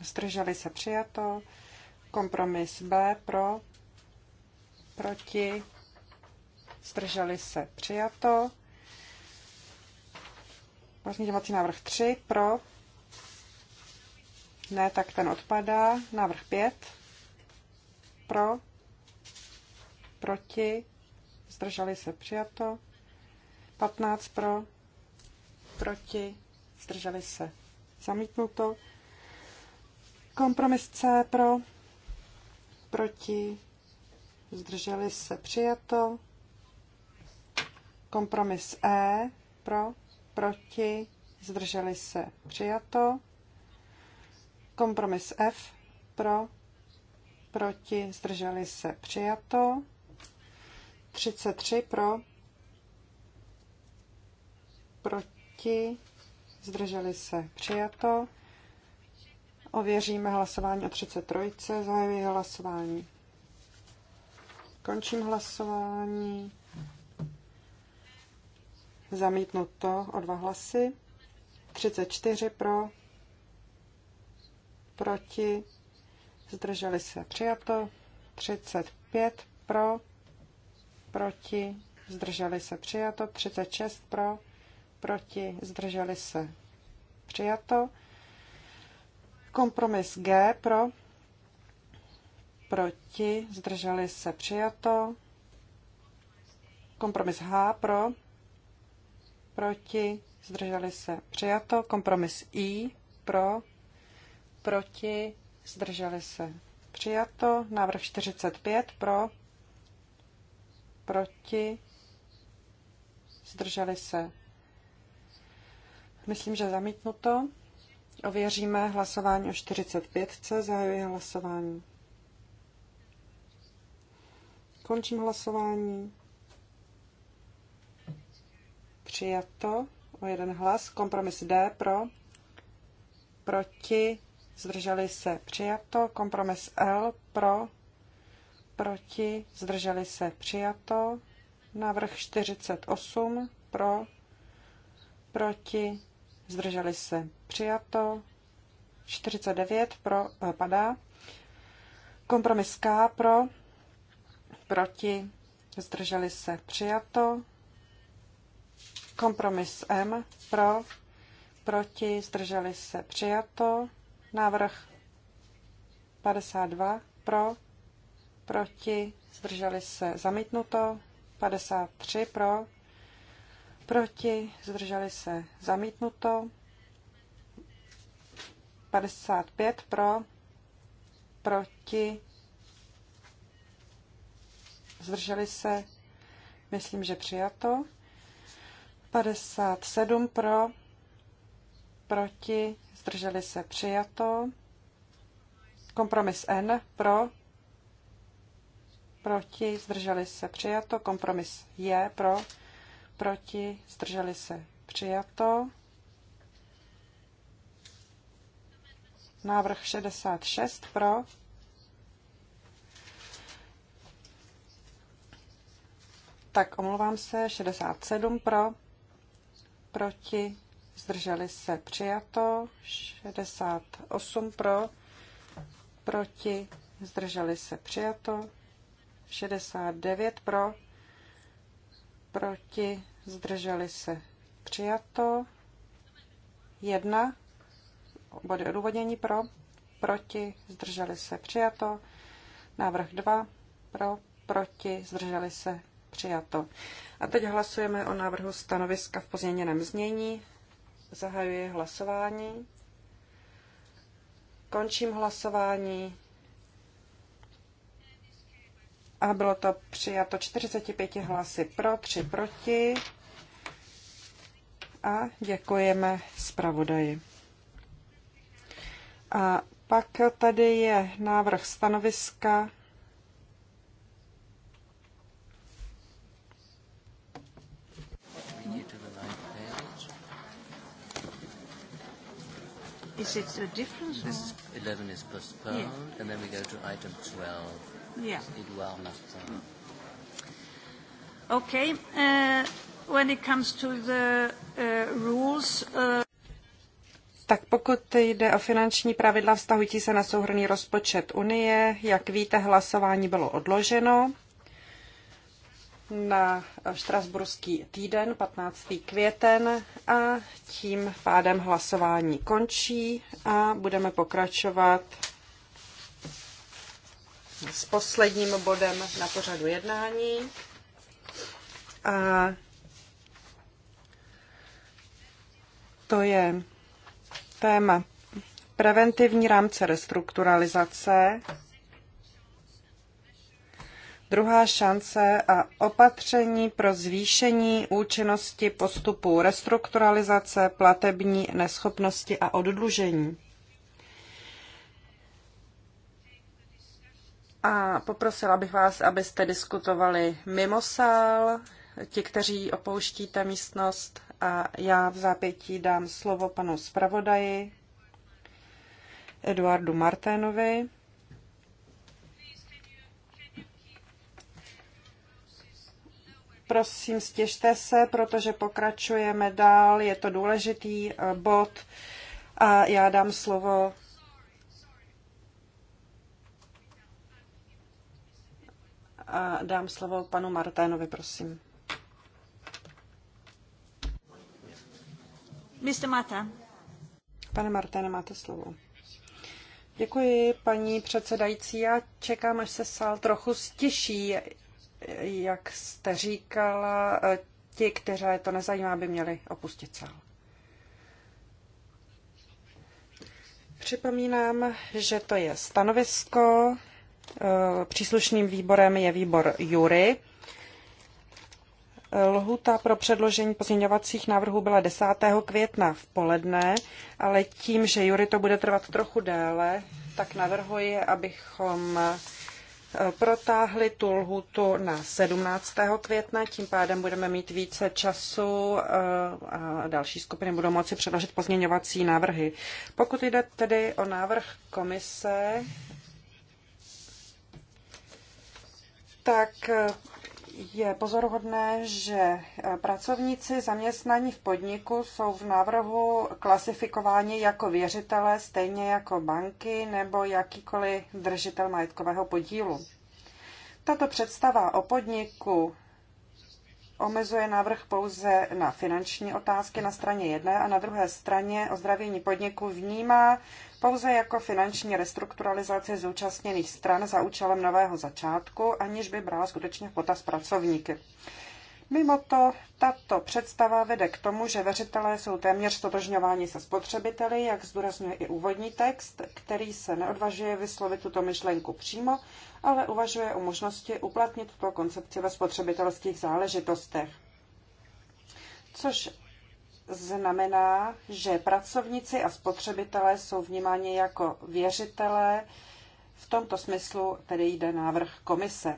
zdrželi se přijato. Kompromis B pro, proti, zdrželi se přijato. Pozměňovací návrh 3 pro, ne, tak ten odpadá. Návrh 5 pro, proti, zdrželi se přijato. 15 pro, proti, zdrželi se. Zamítnuto. Kompromis C pro, proti, zdrželi se. Přijato. Kompromis E pro, proti, zdrželi se. Přijato. Kompromis F pro, proti, zdrželi se. Přijato. 33 pro, proti, proti, zdrželi se, přijato. Ověříme hlasování o 33. Zahajuji hlasování. Končím hlasování. Zamítnuto o dva hlasy. 34 pro, proti, zdrželi se přijato. 35 pro, proti, zdrželi se přijato. 36 pro, proti, zdrželi se. Přijato. Kompromis G pro, proti, zdrželi se. Přijato. Kompromis H pro, proti, zdrželi se. Přijato. Kompromis I pro, proti, zdrželi se. Přijato. Návrh 45 pro, proti, zdrželi se. Myslím, že zamítnuto. Ověříme hlasování o 45. Zahajuji hlasování. Končím hlasování. Přijato o jeden hlas. Kompromis D pro. Proti. Zdrželi se. Přijato. Kompromis L pro. Proti. Zdrželi se. Přijato. Návrh 48 pro. Proti zdrželi se přijato, 49 pro, eh, padá, kompromis K pro, proti, zdrželi se přijato, kompromis M pro, proti, zdrželi se přijato, návrh 52 pro, proti, zdrželi se zamítnuto, 53 pro, proti, zdrželi se zamítnuto, 55 pro, proti, zdrželi se, myslím, že přijato, 57 pro, proti, zdrželi se přijato, kompromis N pro, proti, zdrželi se přijato, kompromis J pro, proti, zdrželi se, přijato. Návrh 66 pro, tak omlouvám se, 67 pro, proti, zdrželi se, přijato, 68 pro, proti, zdrželi se, přijato, 69 pro, proti, zdrželi se přijato. Jedna, body odůvodnění pro, proti, zdrželi se přijato. Návrh dva pro, proti, zdrželi se přijato. A teď hlasujeme o návrhu stanoviska v pozměněném znění. Zahajuji hlasování. Končím hlasování a bylo to přijato 45 hlasy pro, 3 proti. A děkujeme zpravodaji. A pak tady je návrh stanoviska Is it a difference? This 11 is postponed, yeah. and then we go to item 12. Yeah. Okay. Uh, when it comes to the uh, rules, uh... Tak pokud jde o finanční pravidla vztahující se na souhrný rozpočet Unie, jak víte, hlasování bylo odloženo na Štrasburský týden, 15. květen a tím pádem hlasování končí a budeme pokračovat s posledním bodem na pořadu jednání. A to je téma preventivní rámce restrukturalizace, druhá šance a opatření pro zvýšení účinnosti postupů restrukturalizace, platební neschopnosti a oddlužení. A poprosila bych vás, abyste diskutovali mimo sál, ti, kteří opouštíte místnost. A já v zápětí dám slovo panu zpravodaji Eduardu Marténovi. Prosím, stěžte se, protože pokračujeme dál. Je to důležitý eh, bod. A já dám slovo a dám slovo panu Marténovi, prosím. Mr. Marta. Pane Marténe, máte slovo. Děkuji, paní předsedající. Já čekám, až se sál trochu stěší. Jak jste říkala, ti, kteří to nezajímá, by měli opustit sál. Připomínám, že to je stanovisko Eh, příslušným výborem je výbor Jury. Eh, lhuta pro předložení pozměňovacích návrhů byla 10. května v poledne, ale tím, že Jury to bude trvat trochu déle, tak navrhuji, abychom eh, protáhli tu lhutu na 17. května, tím pádem budeme mít více času a další skupiny budou moci předložit pozměňovací návrhy. Pokud jde tedy o návrh komise, tak eh, je pozoruhodné, že eh, pracovníci zaměstnaní v podniku jsou v návrhu klasifikováni jako věřitelé, stejně jako banky nebo jakýkoliv držitel majetkového podílu. Tato představa o podniku omezuje návrh pouze na finanční otázky na straně jedné a na druhé straně ozdravění podniku vnímá pouze jako finanční restrukturalizaci zúčastněných stran za účelem nového začátku, aniž by bral skutečně v potaz pracovníky. Mimo to, tato představa vede k tomu, že věřitelé jsou téměř stotožňováni se spotřebiteli, jak zdůrazňuje i úvodní text, který se neodvažuje vyslovit tuto myšlenku přímo, ale uvažuje o možnosti uplatnit tuto koncepci ve spotřebitelských záležitostech. Což znamená, že pracovníci a spotřebitelé jsou vnímáni jako věřitelé, v tomto smyslu tedy jde návrh komise.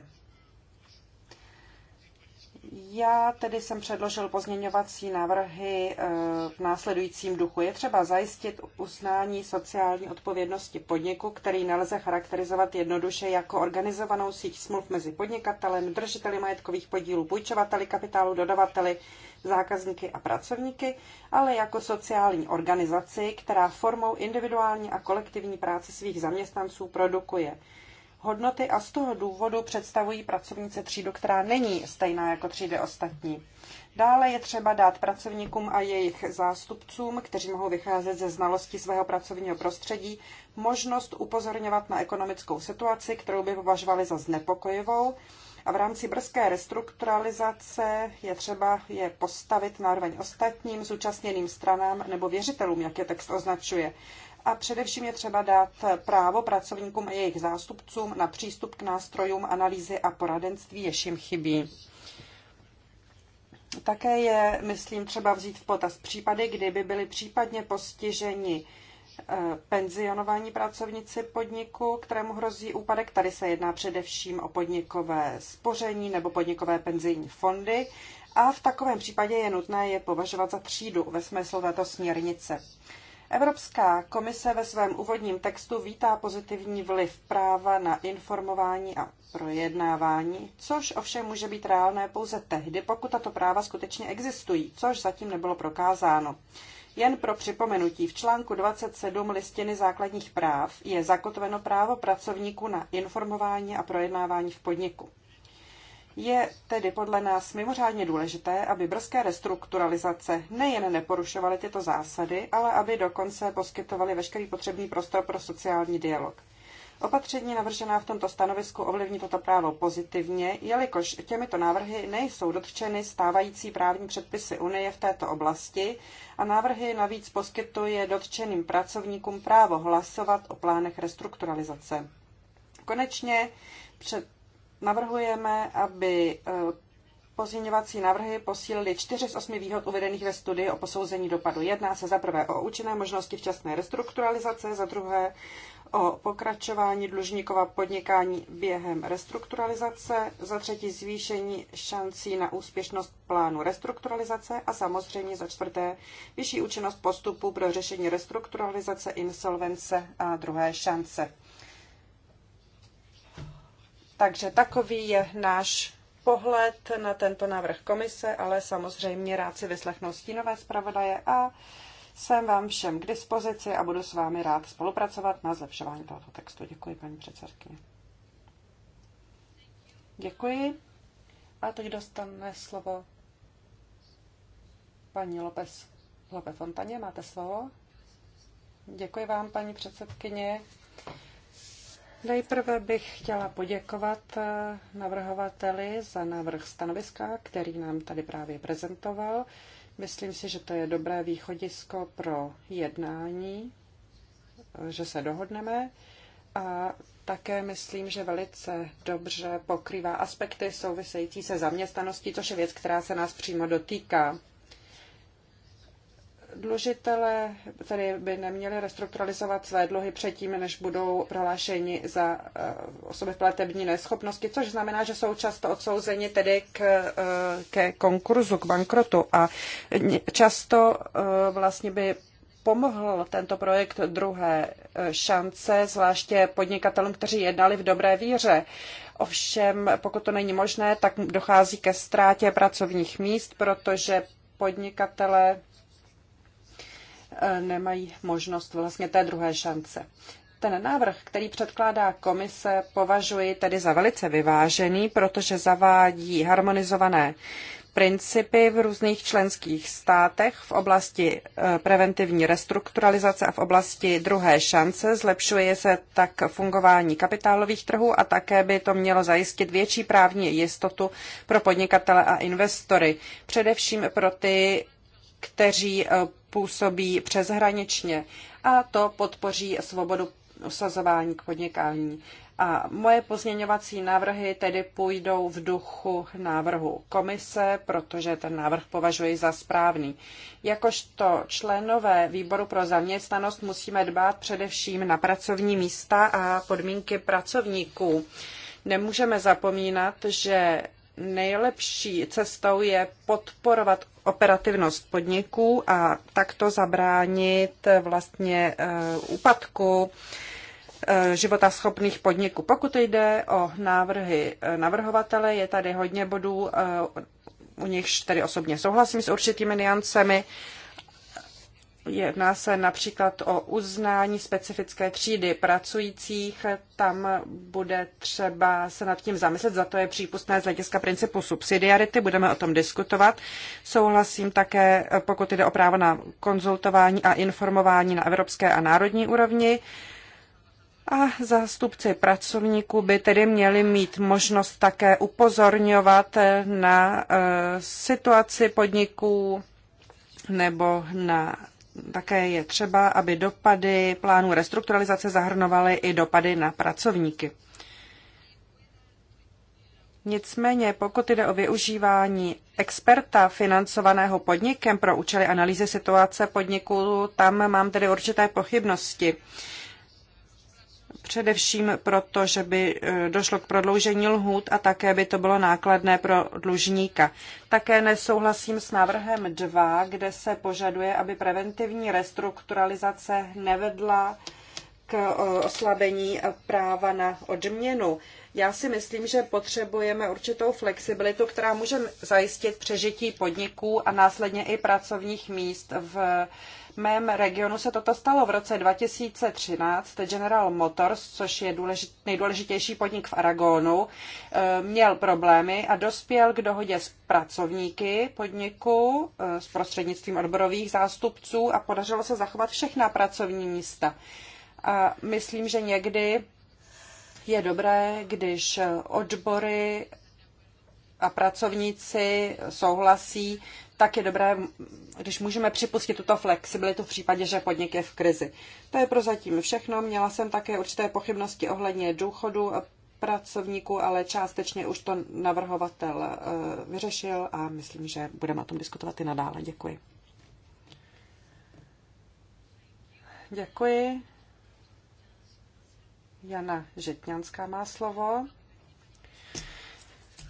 Já tedy jsem předložil pozměňovací návrhy eh, v následujícím duchu. Je třeba zajistit uznání sociální odpovědnosti podniku, který nelze charakterizovat jednoduše jako organizovanou síť smluv mezi podnikatelem, držiteli majetkových podílů, půjčovateli kapitálu, dodavateli, zákazníky a pracovníky, ale jako sociální organizaci, která formou individuální a kolektivní práce svých zaměstnanců produkuje hodnoty a z toho důvodu představují pracovnice třídu, která není stejná jako třídy ostatní. Dále je třeba dát pracovníkům a jejich zástupcům, kteří mohou vycházet ze znalosti svého pracovního prostředí, možnost upozorňovat na ekonomickou situaci, kterou by považovali za znepokojivou. A v rámci brzké restrukturalizace je třeba je postavit nároveň ostatním zúčastněným stranám nebo věřitelům, jak je text označuje a především je třeba dát právo pracovníkům a jejich zástupcům na přístup k nástrojům analýzy a poradenství, jež jim chybí. Také je, myslím, třeba vzít v potaz případy, kdyby byly případně postiženi eh, penzionovaní pracovníci podniku, kterému hrozí úpadek. Tady se jedná především o podnikové spoření nebo podnikové penzijní fondy a v takovém případě je nutné je považovat za třídu ve smyslu této směrnice. Evropská komise ve svém úvodním textu vítá pozitivní vliv práva na informování a projednávání, což ovšem může být reálné pouze tehdy, pokud tato práva skutečně existují, což zatím nebylo prokázáno. Jen pro připomenutí, v článku 27 listiny základních práv je zakotveno právo pracovníků na informování a projednávání v podniku. Je tedy podle nás mimořádně důležité, aby brzké restrukturalizace nejen neporušovaly tyto zásady, ale aby dokonce poskytovaly veškerý potřebný prostor pro sociální dialog. Opatření navržená v tomto stanovisku ovlivní toto právo pozitivně, jelikož těmito návrhy nejsou dotčeny stávající právní předpisy Unie v této oblasti a návrhy navíc poskytuje dotčeným pracovníkům právo hlasovat o plánech restrukturalizace. Konečně před Navrhujeme, aby eh, pozměňovací návrhy posílily čtyři z osmi výhod uvedených ve studii o posouzení dopadu. Jedná se za prvé o účinné možnosti včasné restrukturalizace, za druhé o pokračování dlužníkova podnikání během restrukturalizace, za třetí zvýšení šancí na úspěšnost plánu restrukturalizace a samozřejmě za čtvrté vyšší účinnost postupu pro řešení restrukturalizace, insolvence a druhé šance. Takže takový je náš pohled na tento návrh komise, ale samozřejmě rád si vyslechnu stínové zpravodaje a jsem vám všem k dispozici a budu s vámi rád spolupracovat na zlepšování tohoto textu. Děkuji, paní předsedkyně. Děkuji. A teď dostane slovo paní Lopez. Lope Fontaně, máte slovo. Děkuji vám, paní předsedkyně. Nejprve bych chtěla poděkovat eh, navrhovateli za návrh stanoviska, který nám tady právě prezentoval. Myslím si, že to je dobré východisko pro jednání, eh, že se dohodneme. A také myslím, že velice dobře pokrývá aspekty související se zaměstnaností, což je věc, která se nás přímo dotýká dlužitelé tedy by neměli restrukturalizovat své dluhy předtím, než budou prohlášeni za eh, osoby v platební neschopnosti, což znamená, že jsou často odsouzeni tedy k, eh, ke konkurzu, k bankrotu a často eh, vlastně by pomohl tento projekt druhé šance, zvláště podnikatelům, kteří jednali v dobré víře. Ovšem, pokud to není možné, tak dochází ke ztrátě pracovních míst, protože podnikatele E, nemají možnost vlastně té druhé šance. Ten návrh, který předkládá komise, považuji tedy za velice vyvážený, protože zavádí harmonizované principy v různých členských státech v oblasti e, preventivní restrukturalizace a v oblasti druhé šance. Zlepšuje se tak fungování kapitálových trhů a také by to mělo zajistit větší právní jistotu pro podnikatele a investory, především pro ty, kteří e, působí přeshraničně a to podpoří svobodu usazování k podnikání. A moje pozměňovací návrhy tedy půjdou v duchu návrhu komise, protože ten návrh považuji za správný. Jakožto členové výboru pro zaměstnanost musíme dbát především na pracovní místa a podmínky pracovníků. Nemůžeme zapomínat, že nejlepší cestou je podporovat operativnost podniků a takto zabránit vlastně eh, úpadku eh, životaschopných podniků. Pokud jde o návrhy eh, navrhovatele, je tady hodně bodů, u nichž tedy osobně souhlasím s určitými niancemi, Jedná se například o uznání specifické třídy pracujících. Tam bude třeba se nad tím zamyslet, za to je přípustné z hlediska principu subsidiarity, budeme o tom diskutovat. Souhlasím také, pokud jde o právo na konzultování a informování na evropské a národní úrovni. A zástupci pracovníků by tedy měli mít možnost také upozorňovat na eh, situaci podniků nebo na také je třeba, aby dopady plánu restrukturalizace zahrnovaly i dopady na pracovníky. Nicméně, pokud jde o využívání experta financovaného podnikem pro účely analýzy situace podniku, tam mám tedy určité pochybnosti. Především proto, že by eh, došlo k prodloužení lhůt a také by to bylo nákladné pro dlužníka. Také nesouhlasím s návrhem 2, kde se požaduje, aby preventivní restrukturalizace nevedla k eh, oslabení práva na odměnu. Já si myslím, že potřebujeme určitou flexibilitu, která může zajistit přežití podniků a následně i pracovních míst v mém regionu se toto stalo v roce 2013. General Motors, což je důležit, nejdůležitější podnik v Aragonu, eh, měl problémy a dospěl k dohodě s pracovníky podniku eh, s prostřednictvím odborových zástupců a podařilo se zachovat všechna pracovní místa. A myslím, že někdy je dobré, když odbory a pracovníci souhlasí, tak je dobré, když můžeme připustit tuto flexibilitu v případě, že podnik je v krizi. To je prozatím všechno. Měla jsem také určité pochybnosti ohledně důchodu pracovníků, ale částečně už to navrhovatel eh, vyřešil a myslím, že budeme o tom diskutovat i nadále. Děkuji. Děkuji. Jana Žetňanská má slovo.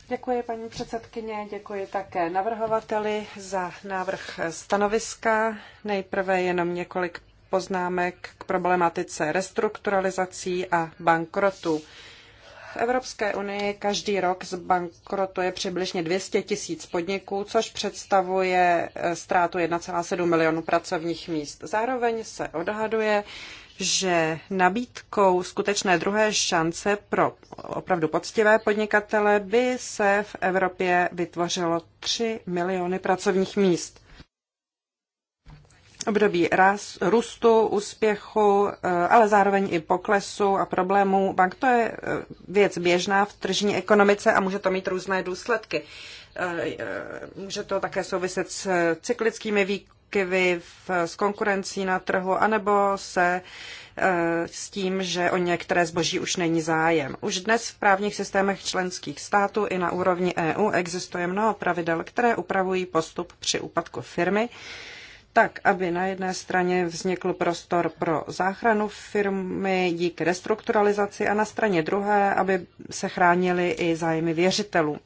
Děkuji paní předsedkyně, děkuji také navrhovateli za návrh stanoviska. Nejprve jenom několik poznámek k problematice restrukturalizací a bankrotu. V Evropské unii každý rok zbankrotuje přibližně 200 tisíc podniků, což představuje ztrátu 1,7 milionu pracovních míst. Zároveň se odhaduje, že nabídkou skutečné druhé šance pro opravdu poctivé podnikatele by se v Evropě vytvořilo 3 miliony pracovních míst. Období ras, růstu, úspěchu, eh, ale zároveň i poklesu a problémů bank, to je eh, věc běžná v tržní ekonomice a může to mít různé důsledky. Eh, může to také souviset s cyklickými kivi s konkurencí na trhu, anebo se e, s tím, že o některé zboží už není zájem. Už dnes v právních systémech členských států i na úrovni EU existuje mnoho pravidel, které upravují postup při úpadku firmy, tak, aby na jedné straně vznikl prostor pro záchranu firmy díky restrukturalizaci a na straně druhé, aby se chránily i zájmy věřitelů.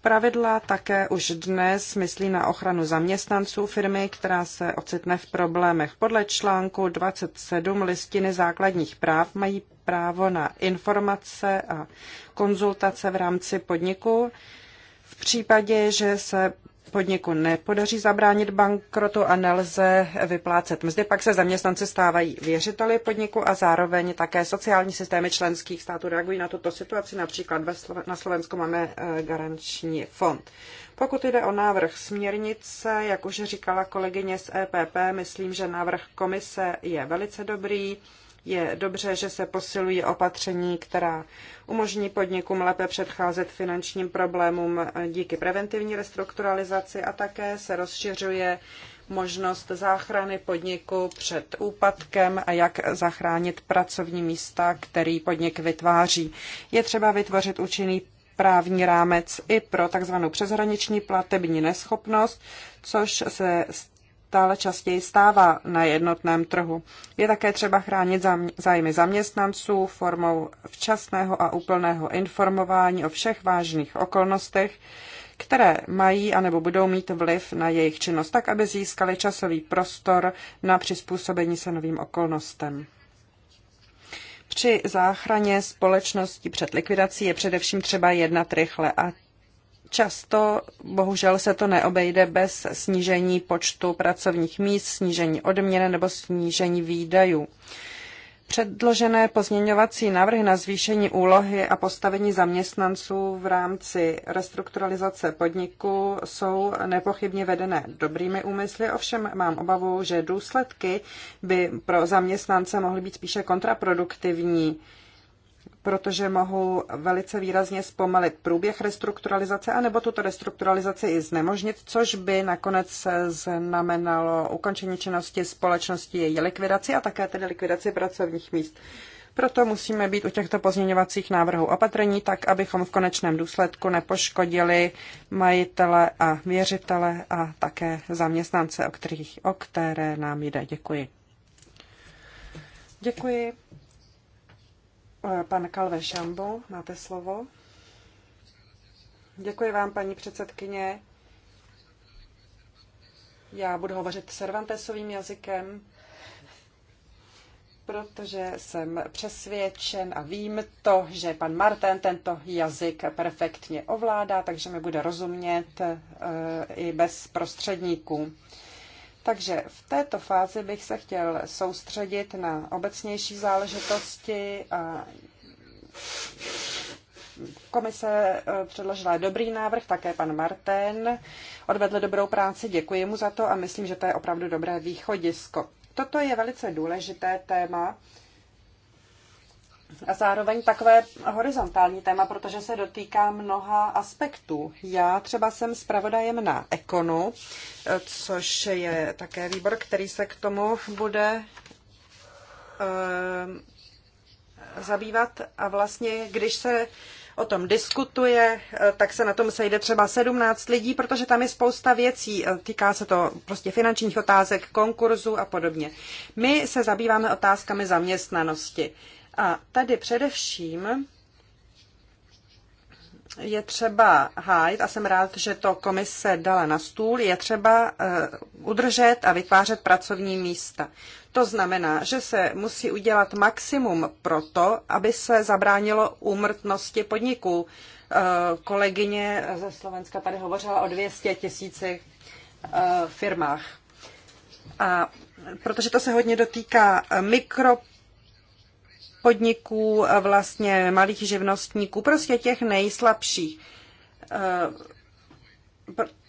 Pravidla také už dnes myslí na ochranu zaměstnanců firmy, která se ocitne v problémech. Podle článku 27 listiny základních práv mají právo na informace a konzultace v rámci podniku v případě, že se podniku nepodaří zabránit bankrotu a nelze vyplácet mzdy, pak se zaměstnanci stávají věřiteli podniku a zároveň také sociální systémy členských států reagují na tuto situaci. Například na Slovensku máme eh, garanční fond. Pokud jde o návrh směrnice, jak už říkala kolegyně z EPP, myslím, že návrh komise je velice dobrý je dobře, že se posilují opatření, která umožní podnikům lépe předcházet finančním problémům díky preventivní restrukturalizaci a také se rozšiřuje možnost záchrany podniku před úpadkem a jak zachránit pracovní místa, který podnik vytváří. Je třeba vytvořit účinný právní rámec i pro tzv. přeshraniční platební neschopnost, což se stále častěji stává na jednotném trhu. Je také třeba chránit zájmy zaměstnanců formou včasného a úplného informování o všech vážných okolnostech, které mají anebo budou mít vliv na jejich činnost, tak aby získali časový prostor na přizpůsobení se novým okolnostem. Při záchraně společnosti před likvidací je především třeba jednat rychle a Často bohužel se to neobejde bez snížení počtu pracovních míst, snížení odměny nebo snížení výdajů. Předložené pozměňovací návrhy na zvýšení úlohy a postavení zaměstnanců v rámci restrukturalizace podniku jsou nepochybně vedené dobrými úmysly, ovšem mám obavu, že důsledky by pro zaměstnance mohly být spíše kontraproduktivní protože mohou velice výrazně zpomalit průběh restrukturalizace, anebo tuto restrukturalizaci i znemožnit, což by nakonec znamenalo ukončení činnosti společnosti, její likvidaci a také tedy likvidaci pracovních míst. Proto musíme být u těchto pozměňovacích návrhů opatrní, tak abychom v konečném důsledku nepoškodili majitele a věřitele a také zaměstnance, o, kterých, o které nám jde. Děkuji. Děkuji. Eh, pan Kalve Šambo, máte slovo. Děkuji vám, paní předsedkyně. Já budu hovořit Cervantesovým jazykem, protože jsem přesvědčen a vím to, že pan Martin tento jazyk perfektně ovládá, takže mi bude rozumět eh, i bez prostředníků. Takže v této fázi bych se chtěl soustředit na obecnější záležitosti a komise eh, předložila dobrý návrh, také pan Marten odvedl dobrou práci, děkuji mu za to a myslím, že to je opravdu dobré východisko. Toto je velice důležité téma, a zároveň takové horizontální téma, protože se dotýká mnoha aspektů. Já třeba jsem zpravodajem na Ekonu, eh, což je také výbor, který se k tomu bude e, zabývat. A vlastně, když se o tom diskutuje, eh, tak se na tom sejde třeba 17 lidí, protože tam je spousta věcí. Týká se to prostě finančních otázek, konkurzu a podobně. My se zabýváme otázkami zaměstnanosti. A tady především je třeba hájit, a jsem rád, že to komise dala na stůl, je třeba eh, udržet a vytvářet pracovní místa. To znamená, že se musí udělat maximum pro to, aby se zabránilo úmrtnosti podniků. Eh, kolegyně ze Slovenska tady hovořila o 200 tisících eh, firmách. A protože to se hodně dotýká mikro podniků, vlastně malých živnostníků, prostě těch nejslabších. E,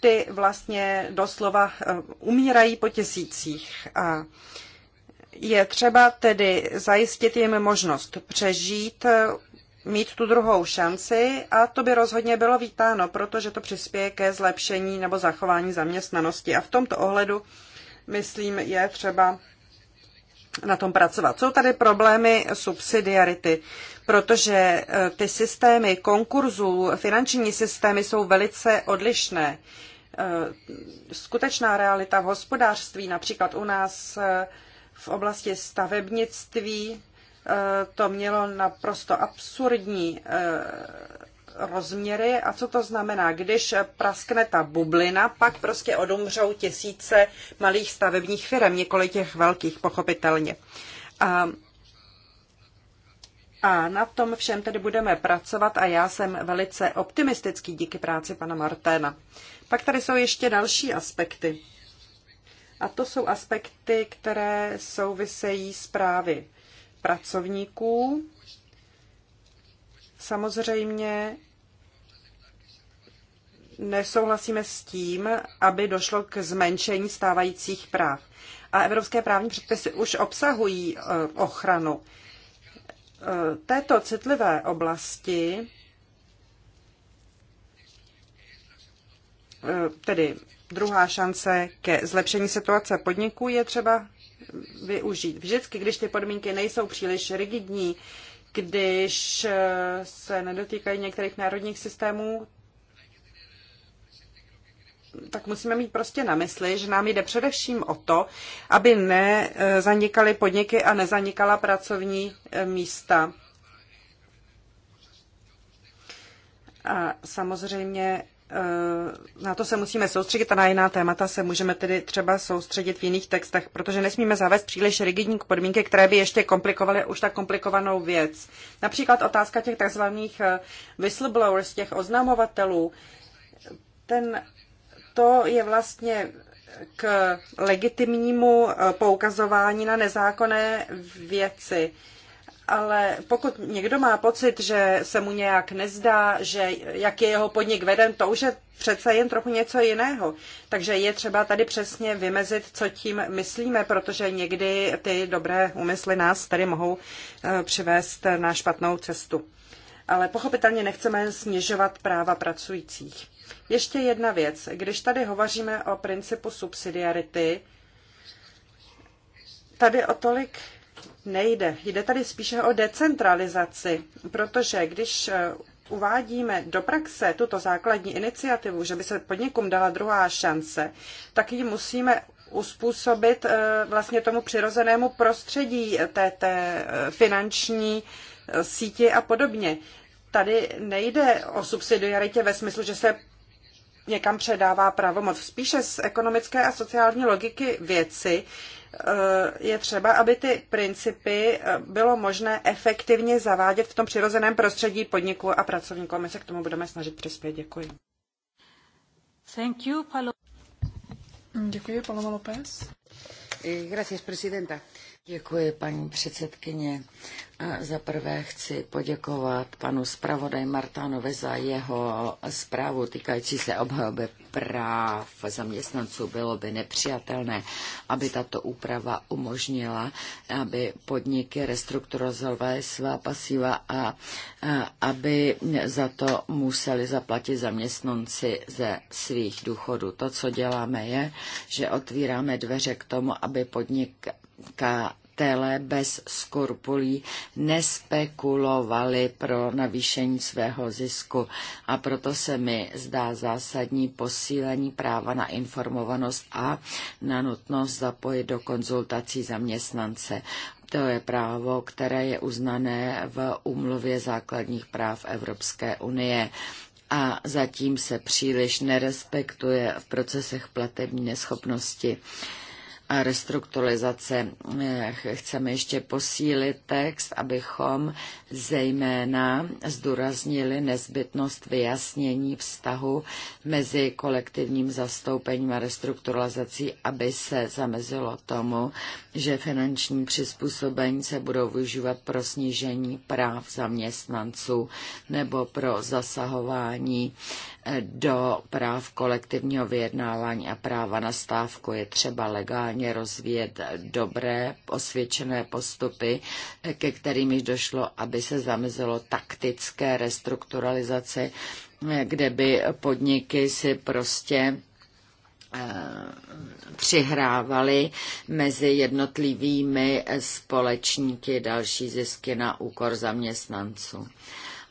ty vlastně doslova e, umírají po tisících a je třeba tedy zajistit jim možnost přežít, e, mít tu druhou šanci a to by rozhodně bylo vítáno, protože to přispěje ke zlepšení nebo zachování zaměstnanosti. A v tomto ohledu, myslím, je třeba na tom pracovat. Jsou tady problémy subsidiarity, protože eh, ty systémy konkurzů, finanční systémy jsou velice odlišné. Eh, skutečná realita v hospodářství, například u nás eh, v oblasti stavebnictví, to mělo naprosto absurdní rozměry a co to znamená. Když praskne ta bublina, pak prostě odumřou tisíce malých stavebních firm, několik těch velkých, pochopitelně. A a na tom všem tedy budeme pracovat a já jsem velice optimistický díky práci pana Marténa. Pak tady jsou ještě další aspekty. A to jsou aspekty, které souvisejí s právy pracovníků. Samozřejmě nesouhlasíme s tím, aby došlo k zmenšení stávajících práv. A evropské právní předpisy už obsahují e, ochranu e, této citlivé oblasti, e, tedy druhá šance ke zlepšení situace podniků je třeba využít. Vždycky, když ty podmínky nejsou příliš rigidní, když se nedotýkají některých národních systémů, tak musíme mít prostě na mysli, že nám jde především o to, aby nezanikaly e, podniky a nezanikala pracovní e, místa. A samozřejmě e, na to se musíme soustředit a na jiná témata se můžeme tedy třeba soustředit v jiných textech, protože nesmíme zavést příliš rigidní podmínky, které by ještě komplikovaly už tak komplikovanou věc. Například otázka těch tzv. whistleblowers, těch oznamovatelů. Ten to je vlastně k legitimnímu eh, poukazování na nezákonné věci. Ale pokud někdo má pocit, že se mu nějak nezdá, že jak je jeho podnik veden, to už je přece jen trochu něco jiného. Takže je třeba tady přesně vymezit, co tím myslíme, protože někdy ty dobré úmysly nás tady mohou eh, přivést na špatnou cestu. Ale pochopitelně nechceme snižovat práva pracujících. Ještě jedna věc. Když tady hovoříme o principu subsidiarity, tady o tolik nejde. Jde tady spíše o decentralizaci, protože když eh, uvádíme do praxe tuto základní iniciativu, že by se podnikům dala druhá šance, tak ji musíme uspůsobit eh, vlastně tomu přirozenému prostředí té, té eh, finanční síti a podobně. Tady nejde o subsidiaritě ve smyslu, že se někam předává pravomoc. Spíše z ekonomické a sociální logiky věci eh, je třeba, aby ty principy eh, bylo možné efektivně zavádět v tom přirozeném prostředí podniku a pracovníků. My se k tomu budeme snažit přispět. Děkuji. Thank you, Palo. Děkuji, Paloma López. Eh, gracias, presidenta. Děkuji, paní předsedkyně. za prvé chci poděkovat panu zpravodaj Martánovi za jeho zprávu týkající se obhajoby práv zaměstnanců. Bylo by nepřijatelné, aby tato úprava umožnila, aby podniky restrukturalizovaly svá pasiva a, aby za to museli zaplatit zaměstnanci ze svých důchodů. To, co děláme, je, že otvíráme dveře k tomu, aby podnik podnikatele bez skorpulí nespekulovali pro navýšení svého zisku a proto se mi zdá zásadní posílení práva na informovanost a na nutnost zapojit do konzultací zaměstnance. To je právo, které je uznané v Úmluvě základních práv Evropské unie a zatím se příliš nerespektuje v procesech platební neschopnosti restrukturalizace. Eh, chceme ještě posílit text, abychom zejména zdůraznili nezbytnost vyjasnění vztahu mezi kolektivním zastoupením a restrukturalizací, aby se zamezilo tomu, že finanční přizpůsobení se budou využívat pro snížení práv zaměstnanců nebo pro zasahování do práv kolektivního vyjednávání a práva na stávku je třeba legálně rozvíjet dobré osvědčené postupy, ke kterým již došlo, aby se zamezilo taktické restrukturalizaci, kde by podniky si prostě eh, přihrávali mezi jednotlivými společníky další zisky na úkor zaměstnanců.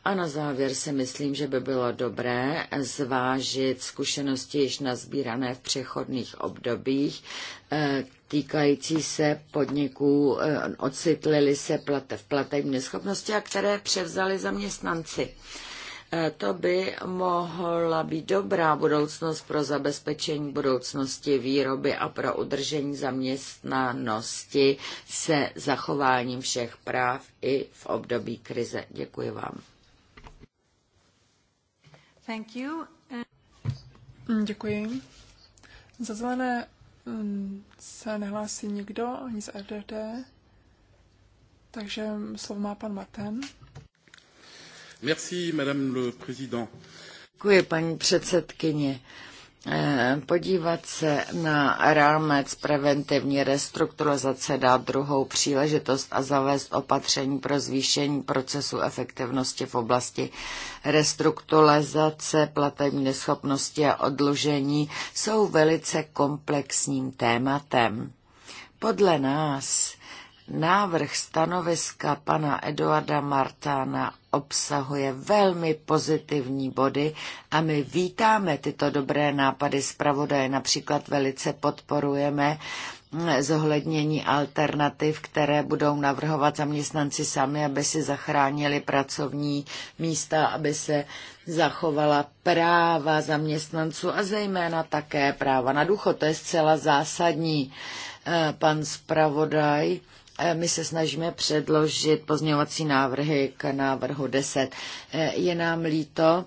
A na závěr si myslím, že by bylo dobré zvážit zkušenosti již nazbírané v přechodných obdobích, eh, týkající se podniků, eh, ocitlili se plate, v platební neschopnosti a které převzali zaměstnanci. Eh, to by mohla být dobrá budoucnost pro zabezpečení budoucnosti výroby a pro udržení zaměstnanosti se zachováním všech práv i v období krize. Děkuji vám. Thank you. Mm, děkuji. Za zelené mm, se nehlásí nikdo, ani z RDD, takže slovo má pan Martin. Merci, madame le président. Děkuji, paní předsedkyně. Eh, podívat se na rámec preventivní restrukturalizace dát druhou příležitost a zavést opatření pro zvýšení procesu efektivnosti v oblasti restrukturalizace platební neschopnosti a odlužení jsou velice komplexním tématem. Podle nás návrh stanoviska pana Eduarda Martána obsahuje velmi pozitivní body a my vítáme tyto dobré nápady zpravodaje. Například velice podporujeme zohlednění alternativ, které budou navrhovat zaměstnanci sami, aby si zachránili pracovní místa, aby se zachovala práva zaměstnanců a zejména také práva na ducho. To je zcela zásadní. Eh, pan zpravodaj my se snažíme předložit pozměňovací návrhy k návrhu 10. Je nám líto,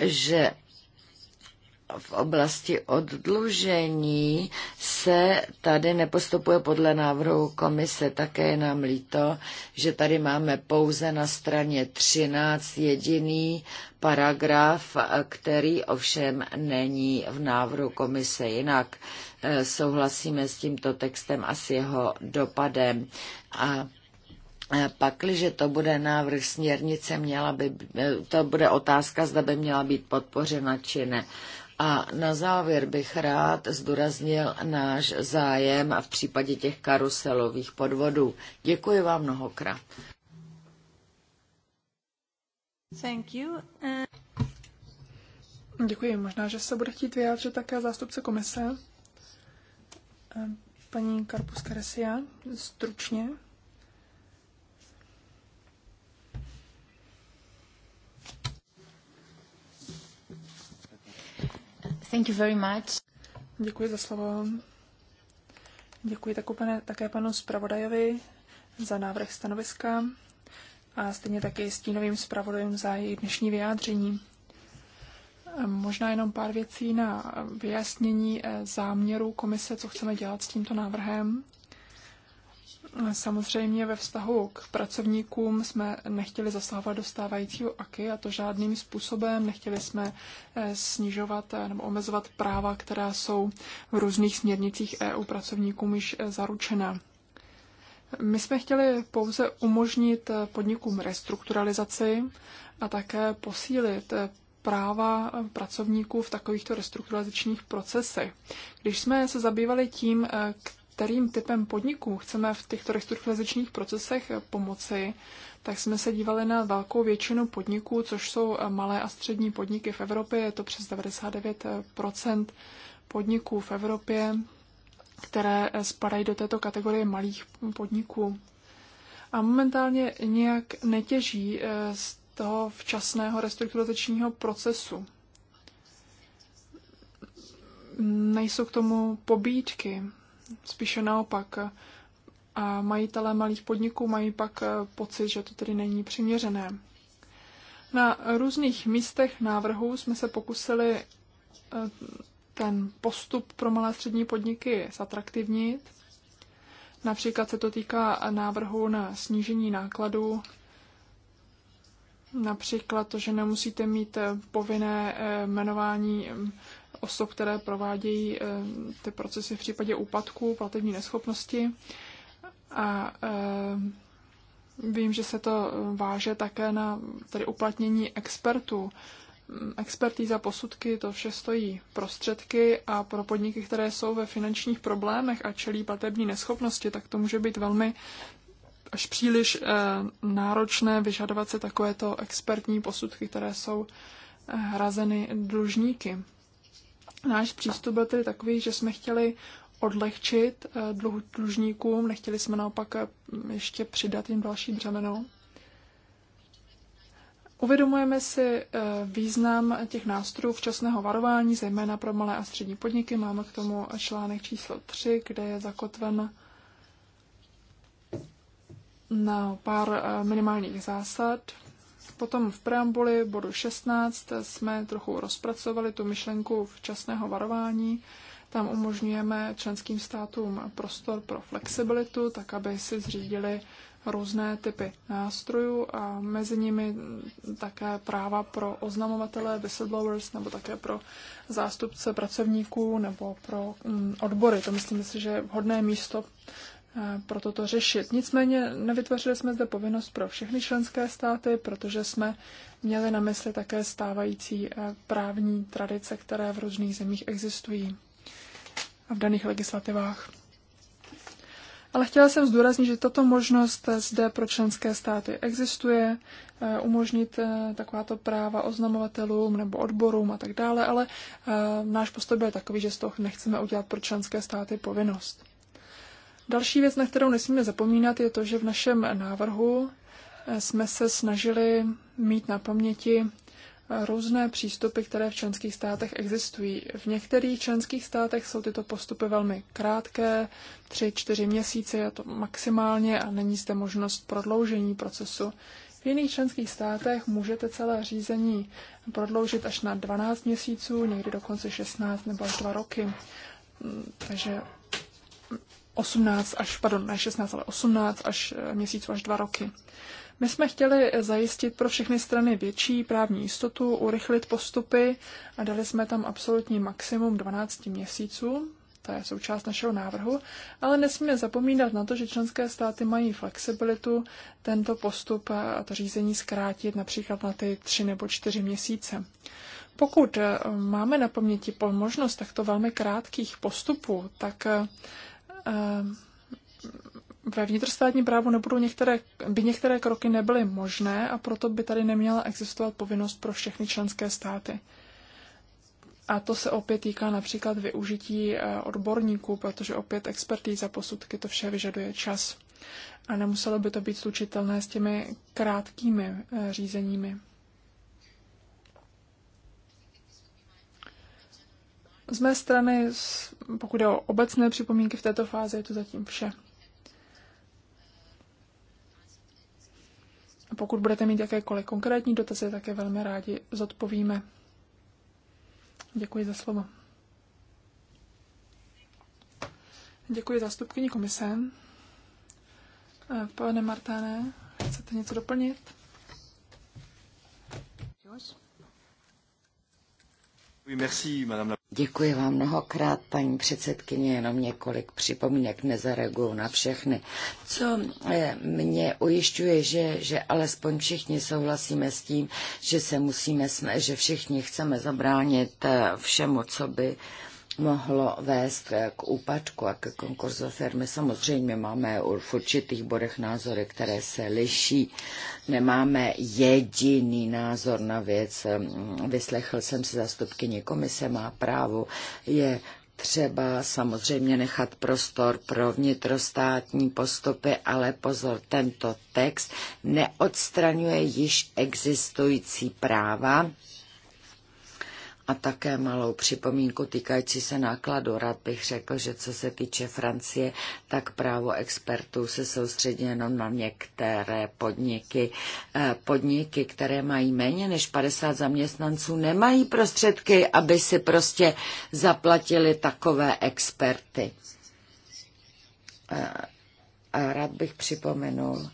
že v oblasti oddlužení se tady nepostupuje podle návrhu komise. Také je nám líto, že tady máme pouze na straně 13 jediný paragraf, který ovšem není v návrhu komise. Jinak eh, souhlasíme s tímto textem a s jeho dopadem. A eh, Pakliže to bude návrh směrnice, měla by, eh, to bude otázka, zda by měla být podpořena či ne. A na závěr bych rád zdůraznil náš zájem v případě těch karuselových podvodů. Děkuji vám mnohokrát. Thank you. Uh... Děkuji. Možná, že se bude chtít vyjádřit také zástupce komise. Eh, paní Karpus Karesia, stručně. Thank you very much. Děkuji za slovo. Děkuji také panu zpravodajovi za návrh stanoviska a stejně taky stínovým zpravodajům za jejich dnešní vyjádření. Možná jenom pár věcí na vyjasnění eh, záměru komise, co chceme dělat s tímto návrhem. Samozřejmě ve vztahu k pracovníkům jsme nechtěli zasahovat do stávajícího AKY a to žádným způsobem. Nechtěli jsme eh, snižovat eh, nebo omezovat práva, která jsou v různých směrnicích EU pracovníkům již eh, zaručena. My jsme chtěli pouze umožnit podnikům restrukturalizaci a také posílit práva pracovníků v takovýchto restrukturalizačních procesech. Když jsme se zabývali tím, kterým typem podniků chceme v těchto restrukturalizačních procesech pomoci, tak jsme se dívali na velkou většinu podniků, což jsou eh, malé a střední podniky v Evropě. Je to přes 99 eh, podniků v Evropě, které eh, spadají do této kategorie malých podniků. A momentálně nějak netěží z toho včasného restrukturalizačního procesu. Nejsou k tomu pobídky, spíše naopak. A majitelé malých podniků mají pak eh, pocit, že to tedy není přiměřené. Na různých místech návrhu jsme se pokusili eh, ten postup pro malé střední podniky zatraktivnit. Například se to týká návrhu na snížení nákladů, například to, že nemusíte mít eh, povinné jmenování mm, osob, které provádějí eh, ty procesy v případě úpadku, platební neschopnosti. A eh, vím, že se to eh, váže také na tedy uplatnění expertů. Mm, Expertíza posudky, to vše stojí prostředky a pro podniky, které jsou ve finančních problémech a čelí platební neschopnosti, tak to může být velmi až příliš náročné vyžadovat se takovéto expertní posudky, které jsou hrazeny dlužníky. Náš přístup byl tedy takový, že jsme chtěli odlehčit eh, dlužníkům, nechtěli jsme naopak eh, ještě přidat jim další břemeno. Uvědomujeme si eh, význam těch nástrojů včasného varování, zejména pro malé a střední podniky. Máme k tomu článek číslo 3, kde je zakotven na pár minimálních zásad. Potom v preambuli bodu 16 jsme trochu rozpracovali tu myšlenku včasného varování. Tam umožňujeme členským státům prostor pro flexibilitu, tak aby si zřídili různé typy nástrojů a mezi nimi také práva pro oznamovatele, whistleblowers, nebo také pro zástupce pracovníků nebo pro mm, odbory. To myslím si, že je vhodné místo Eh, pro toto řešit. Nicméně nevytvořili jsme zde povinnost pro všechny členské státy, protože jsme měli na mysli také stávající eh, právní tradice, které v různých zemích existují a v daných legislativách. Ale chtěla jsem zdůraznit, že tato možnost zde pro členské státy existuje, eh, umožnit takováto práva oznamovatelům nebo odborům a tak dále, ale náš postoj byl takový, že z toho nechceme udělat pro členské státy povinnost. Další věc, na kterou nesmíme zapomínat, je to, že v našem návrhu eh, jsme se snažili mít na paměti eh, různé přístupy, které v členských státech existují. V některých členských státech jsou tyto postupy velmi krátké, tři, čtyři měsíce a to maximálně a není zde možnost prodloužení procesu. V jiných členských státech můžete celé řízení prodloužit až na 12 měsíců, někdy dokonce 16 nebo až 2 roky. Mm, takže 18 až, pardon, ne 16, ale 18 až eh, měsíců až dva roky. My jsme chtěli zajistit pro všechny strany větší právní jistotu, urychlit postupy a dali jsme tam absolutní maximum 12 měsíců, to je součást našeho návrhu, ale nesmíme zapomínat na to, že členské státy mají flexibilitu tento postup a to řízení zkrátit například na ty tři nebo čtyři měsíce. Pokud eh, máme na paměti možnost takto velmi krátkých postupů, tak eh, Eh, ve vnitrostátním právu nebudou některé, by některé kroky nebyly možné a proto by tady neměla existovat povinnost pro všechny členské státy. A to se opět týká například využití eh, odborníků, protože opět expertíza posudky to vše vyžaduje čas. A nemuselo by to být slučitelné s těmi krátkými eh, řízeními. Z mé strany, pokud jde o obecné připomínky v této fázi, je to zatím vše. A pokud budete mít jakékoliv konkrétní dotazy, tak je velmi rádi zodpovíme. Děkuji za slovo. Děkuji zástupkyni komise. Eh, pane Martáne, chcete něco doplnit? Děkuji, merci, madame la... Děkuji vám mnohokrát, paní předsedkyně, jenom několik připomínek, nezareaguju na všechny. Co eh, mě ujišťuje, že, že alespoň všichni souhlasíme s tím, že se musíme, že všichni chceme zabránit eh, všemu, co by mohlo vést k úpadku a ke konkurzu firmy. Samozřejmě máme v určitých bodech názory, které se liší. Nemáme jediný názor na věc. Vyslechl jsem si zastupkyni komise, má právo. Je třeba samozřejmě nechat prostor pro vnitrostátní postupy, ale pozor, tento text neodstraňuje již existující práva a také malou připomínku týkající se nákladu. Rád bych řekl, že co se týče Francie, tak právo expertů se soustředí jenom na některé podniky. Eh, podniky, které mají méně než 50 zaměstnanců, nemají prostředky, aby si prostě zaplatili takové experty. Eh, a rád bych připomenul,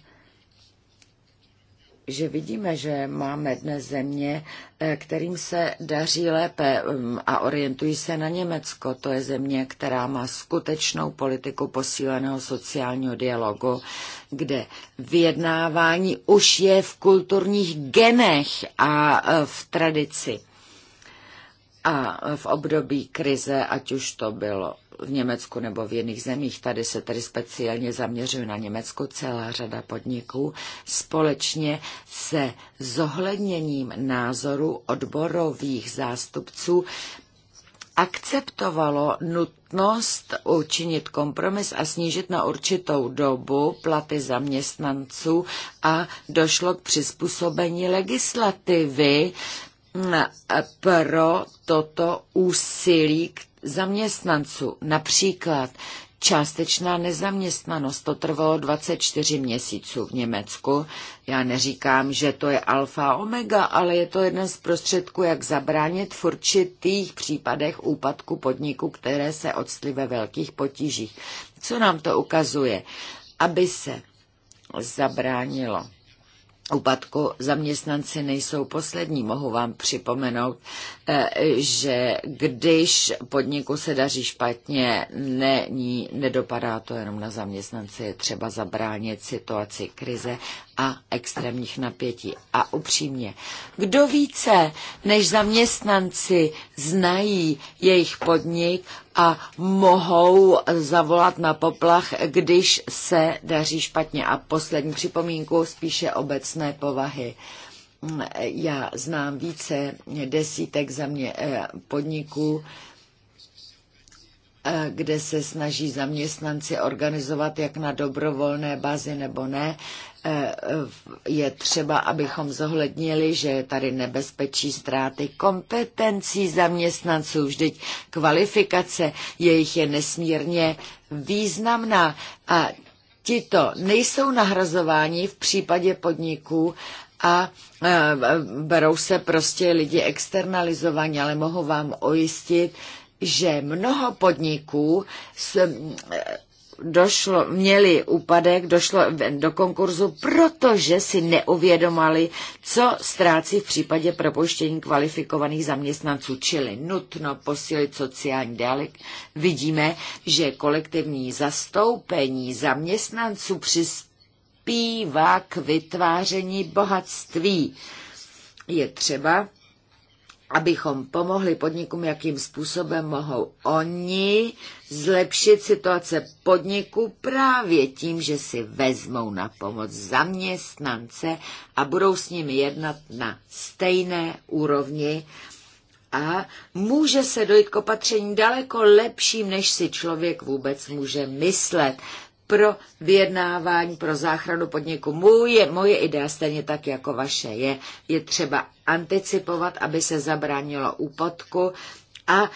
že vidíme, že máme dnes země, eh, kterým se daří lépe mm, a orientují se na Německo. To je země, která má skutečnou politiku posíleného sociálního dialogu, kde vyjednávání už je v kulturních genech a eh, v tradici. A v období krize, ať už to bylo v Německu nebo v jiných zemích, tady se tedy speciálně zaměřuje na Německo celá řada podniků, společně se zohledněním názoru odborových zástupců akceptovalo nutnost učinit kompromis a snížit na určitou dobu platy zaměstnanců a došlo k přizpůsobení legislativy pro toto úsilí zaměstnanců. Například Částečná nezaměstnanost, to trvalo 24 měsíců v Německu. Já neříkám, že to je alfa omega, ale je to jeden z prostředků, jak zabránit v určitých případech úpadku podniku, které se odstly ve velkých potížích. Co nám to ukazuje? Aby se zabránilo úpadku zaměstnanci nejsou poslední. Mohu vám připomenout, eh, že když podniku se daří špatně, ní, nedopadá to jenom na zaměstnance, je třeba zabránit situaci krize a extrémních napětí. A upřímně, kdo více než zaměstnanci znají jejich podnik a mohou zavolat na poplach, když se daří špatně. A poslední připomínku spíše obecné povahy já znám více desítek za mě eh, podniků, kde se snaží zaměstnanci organizovat jak na dobrovolné bázi nebo ne, e, je třeba, abychom zohlednili, že je tady nebezpečí ztráty kompetencí zaměstnanců. Vždyť kvalifikace jejich je nesmírně významná a tito nejsou nahrazováni v případě podniků, a e, berou se prostě lidi externalizovaní, ale mohu vám ojistit, že mnoho podniků s, eh, došlo, měli úpadek, došlo do konkurzu, protože si neuvědomali, co ztrácí v případě propuštění kvalifikovaných zaměstnanců, čili nutno posílit sociální dialek. Vidíme, že kolektivní zastoupení zaměstnanců přispívá k vytváření bohatství. Je třeba abychom pomohli podnikům, jakým způsobem mohou oni zlepšit situace podniku právě tím, že si vezmou na pomoc zaměstnance a budou s nimi jednat na stejné úrovni. A může se dojít k opatření daleko lepším, než si člověk vůbec může myslet pro vyjednávání, pro záchranu podniku. Moje, moje idea stejně tak jako vaše je, je třeba anticipovat, aby se zabránilo úpadku a e,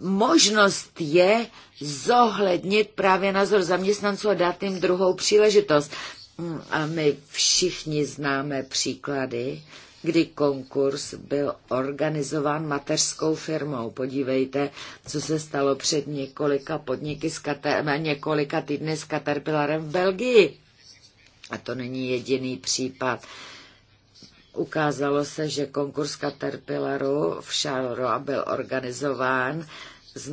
možnost je zohlednit právě názor zaměstnanců a dát jim druhou příležitost. Mm, a my všichni známe příklady, kdy konkurs byl organizován mateřskou firmou. Podívejte, co se stalo před několika podniky s Kater- několika týdny s Caterpillarem v Belgii. A to není jediný případ. Uh, Ukázalo se, že konkurs Caterpillaru v Charleroi byl organizován z,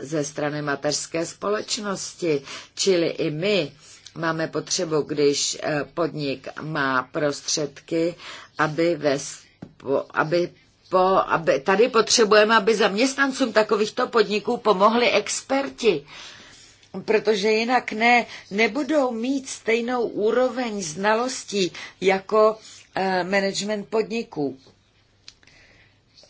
ze strany mateřské společnosti, čili i my máme potřebu, když eh, podnik má prostředky, aby, ve, aby po, aby, tady potřebujeme, aby zaměstnancům takovýchto podniků pomohli experti, protože jinak ne, nebudou mít stejnou úroveň znalostí jako Eh, management podniků.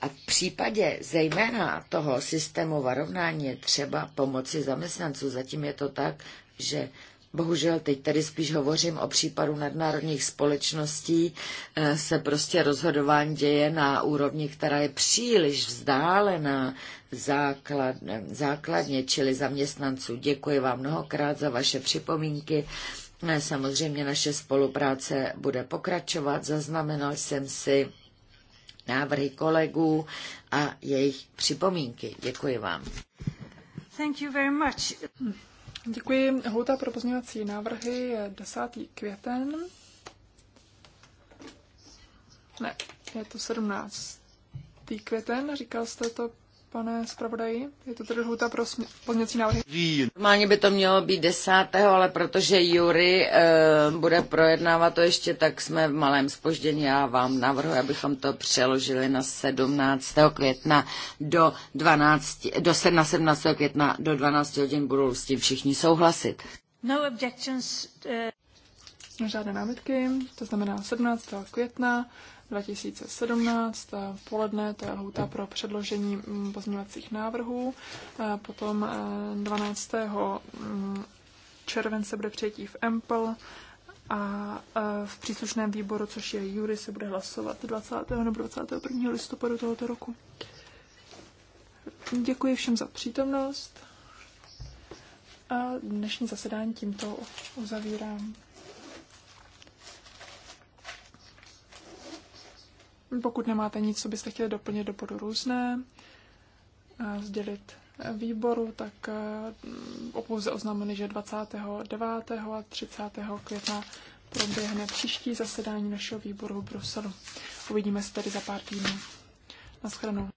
A v případě zejména toho systému varovnání je třeba pomoci zaměstnanců. Zatím je to tak, že bohužel teď tady spíš hovořím o případu nadnárodních společností, eh, se prostě rozhodování děje na úrovni, která je příliš vzdálená základ, eh, základně, čili zaměstnanců. Děkuji vám mnohokrát za vaše připomínky Samozřejmě naše spolupráce bude pokračovat. Zaznamenal jsem si návrhy kolegů a jejich připomínky. Děkuji vám. Thank you very much. Děkuji. Houta pro pozměňovací návrhy je 10. květen. Ne, je to 17. květen, říkal jste to pane zpravodaji? Je to tedy lhůta pro pozměcí návrhy? Normálně by to mělo být desátého, ale protože Jury e, bude projednávat to ještě, tak jsme v malém spoždění. Já vám navrhuji, abychom to přeložili na 17. května do 12, do 17. května do 12 hodin budou s tím všichni souhlasit. No objections. Uh... Žádné námitky, to znamená 17. května 2017. Eh, v poledne to je lhůta pro předložení mm, pozměňovacích návrhů. Eh, potom 12. Eh, mm, července bude přijetí v Empl a v příslušném výboru, což je Jury, se bude hlasovat 20. nebo 21. listopadu tohoto roku. Děkuji všem za přítomnost a dnešní zasedání tímto uzavírám. Pokud nemáte nic, co byste chtěli doplnit do bodu různé, eh, sdělit eh, výboru, tak eh, opouze oznámili, že 29. a 30. května proběhne příští zasedání našeho výboru v Bruselu. Uvidíme se tady za pár týdnů. Naschledanou.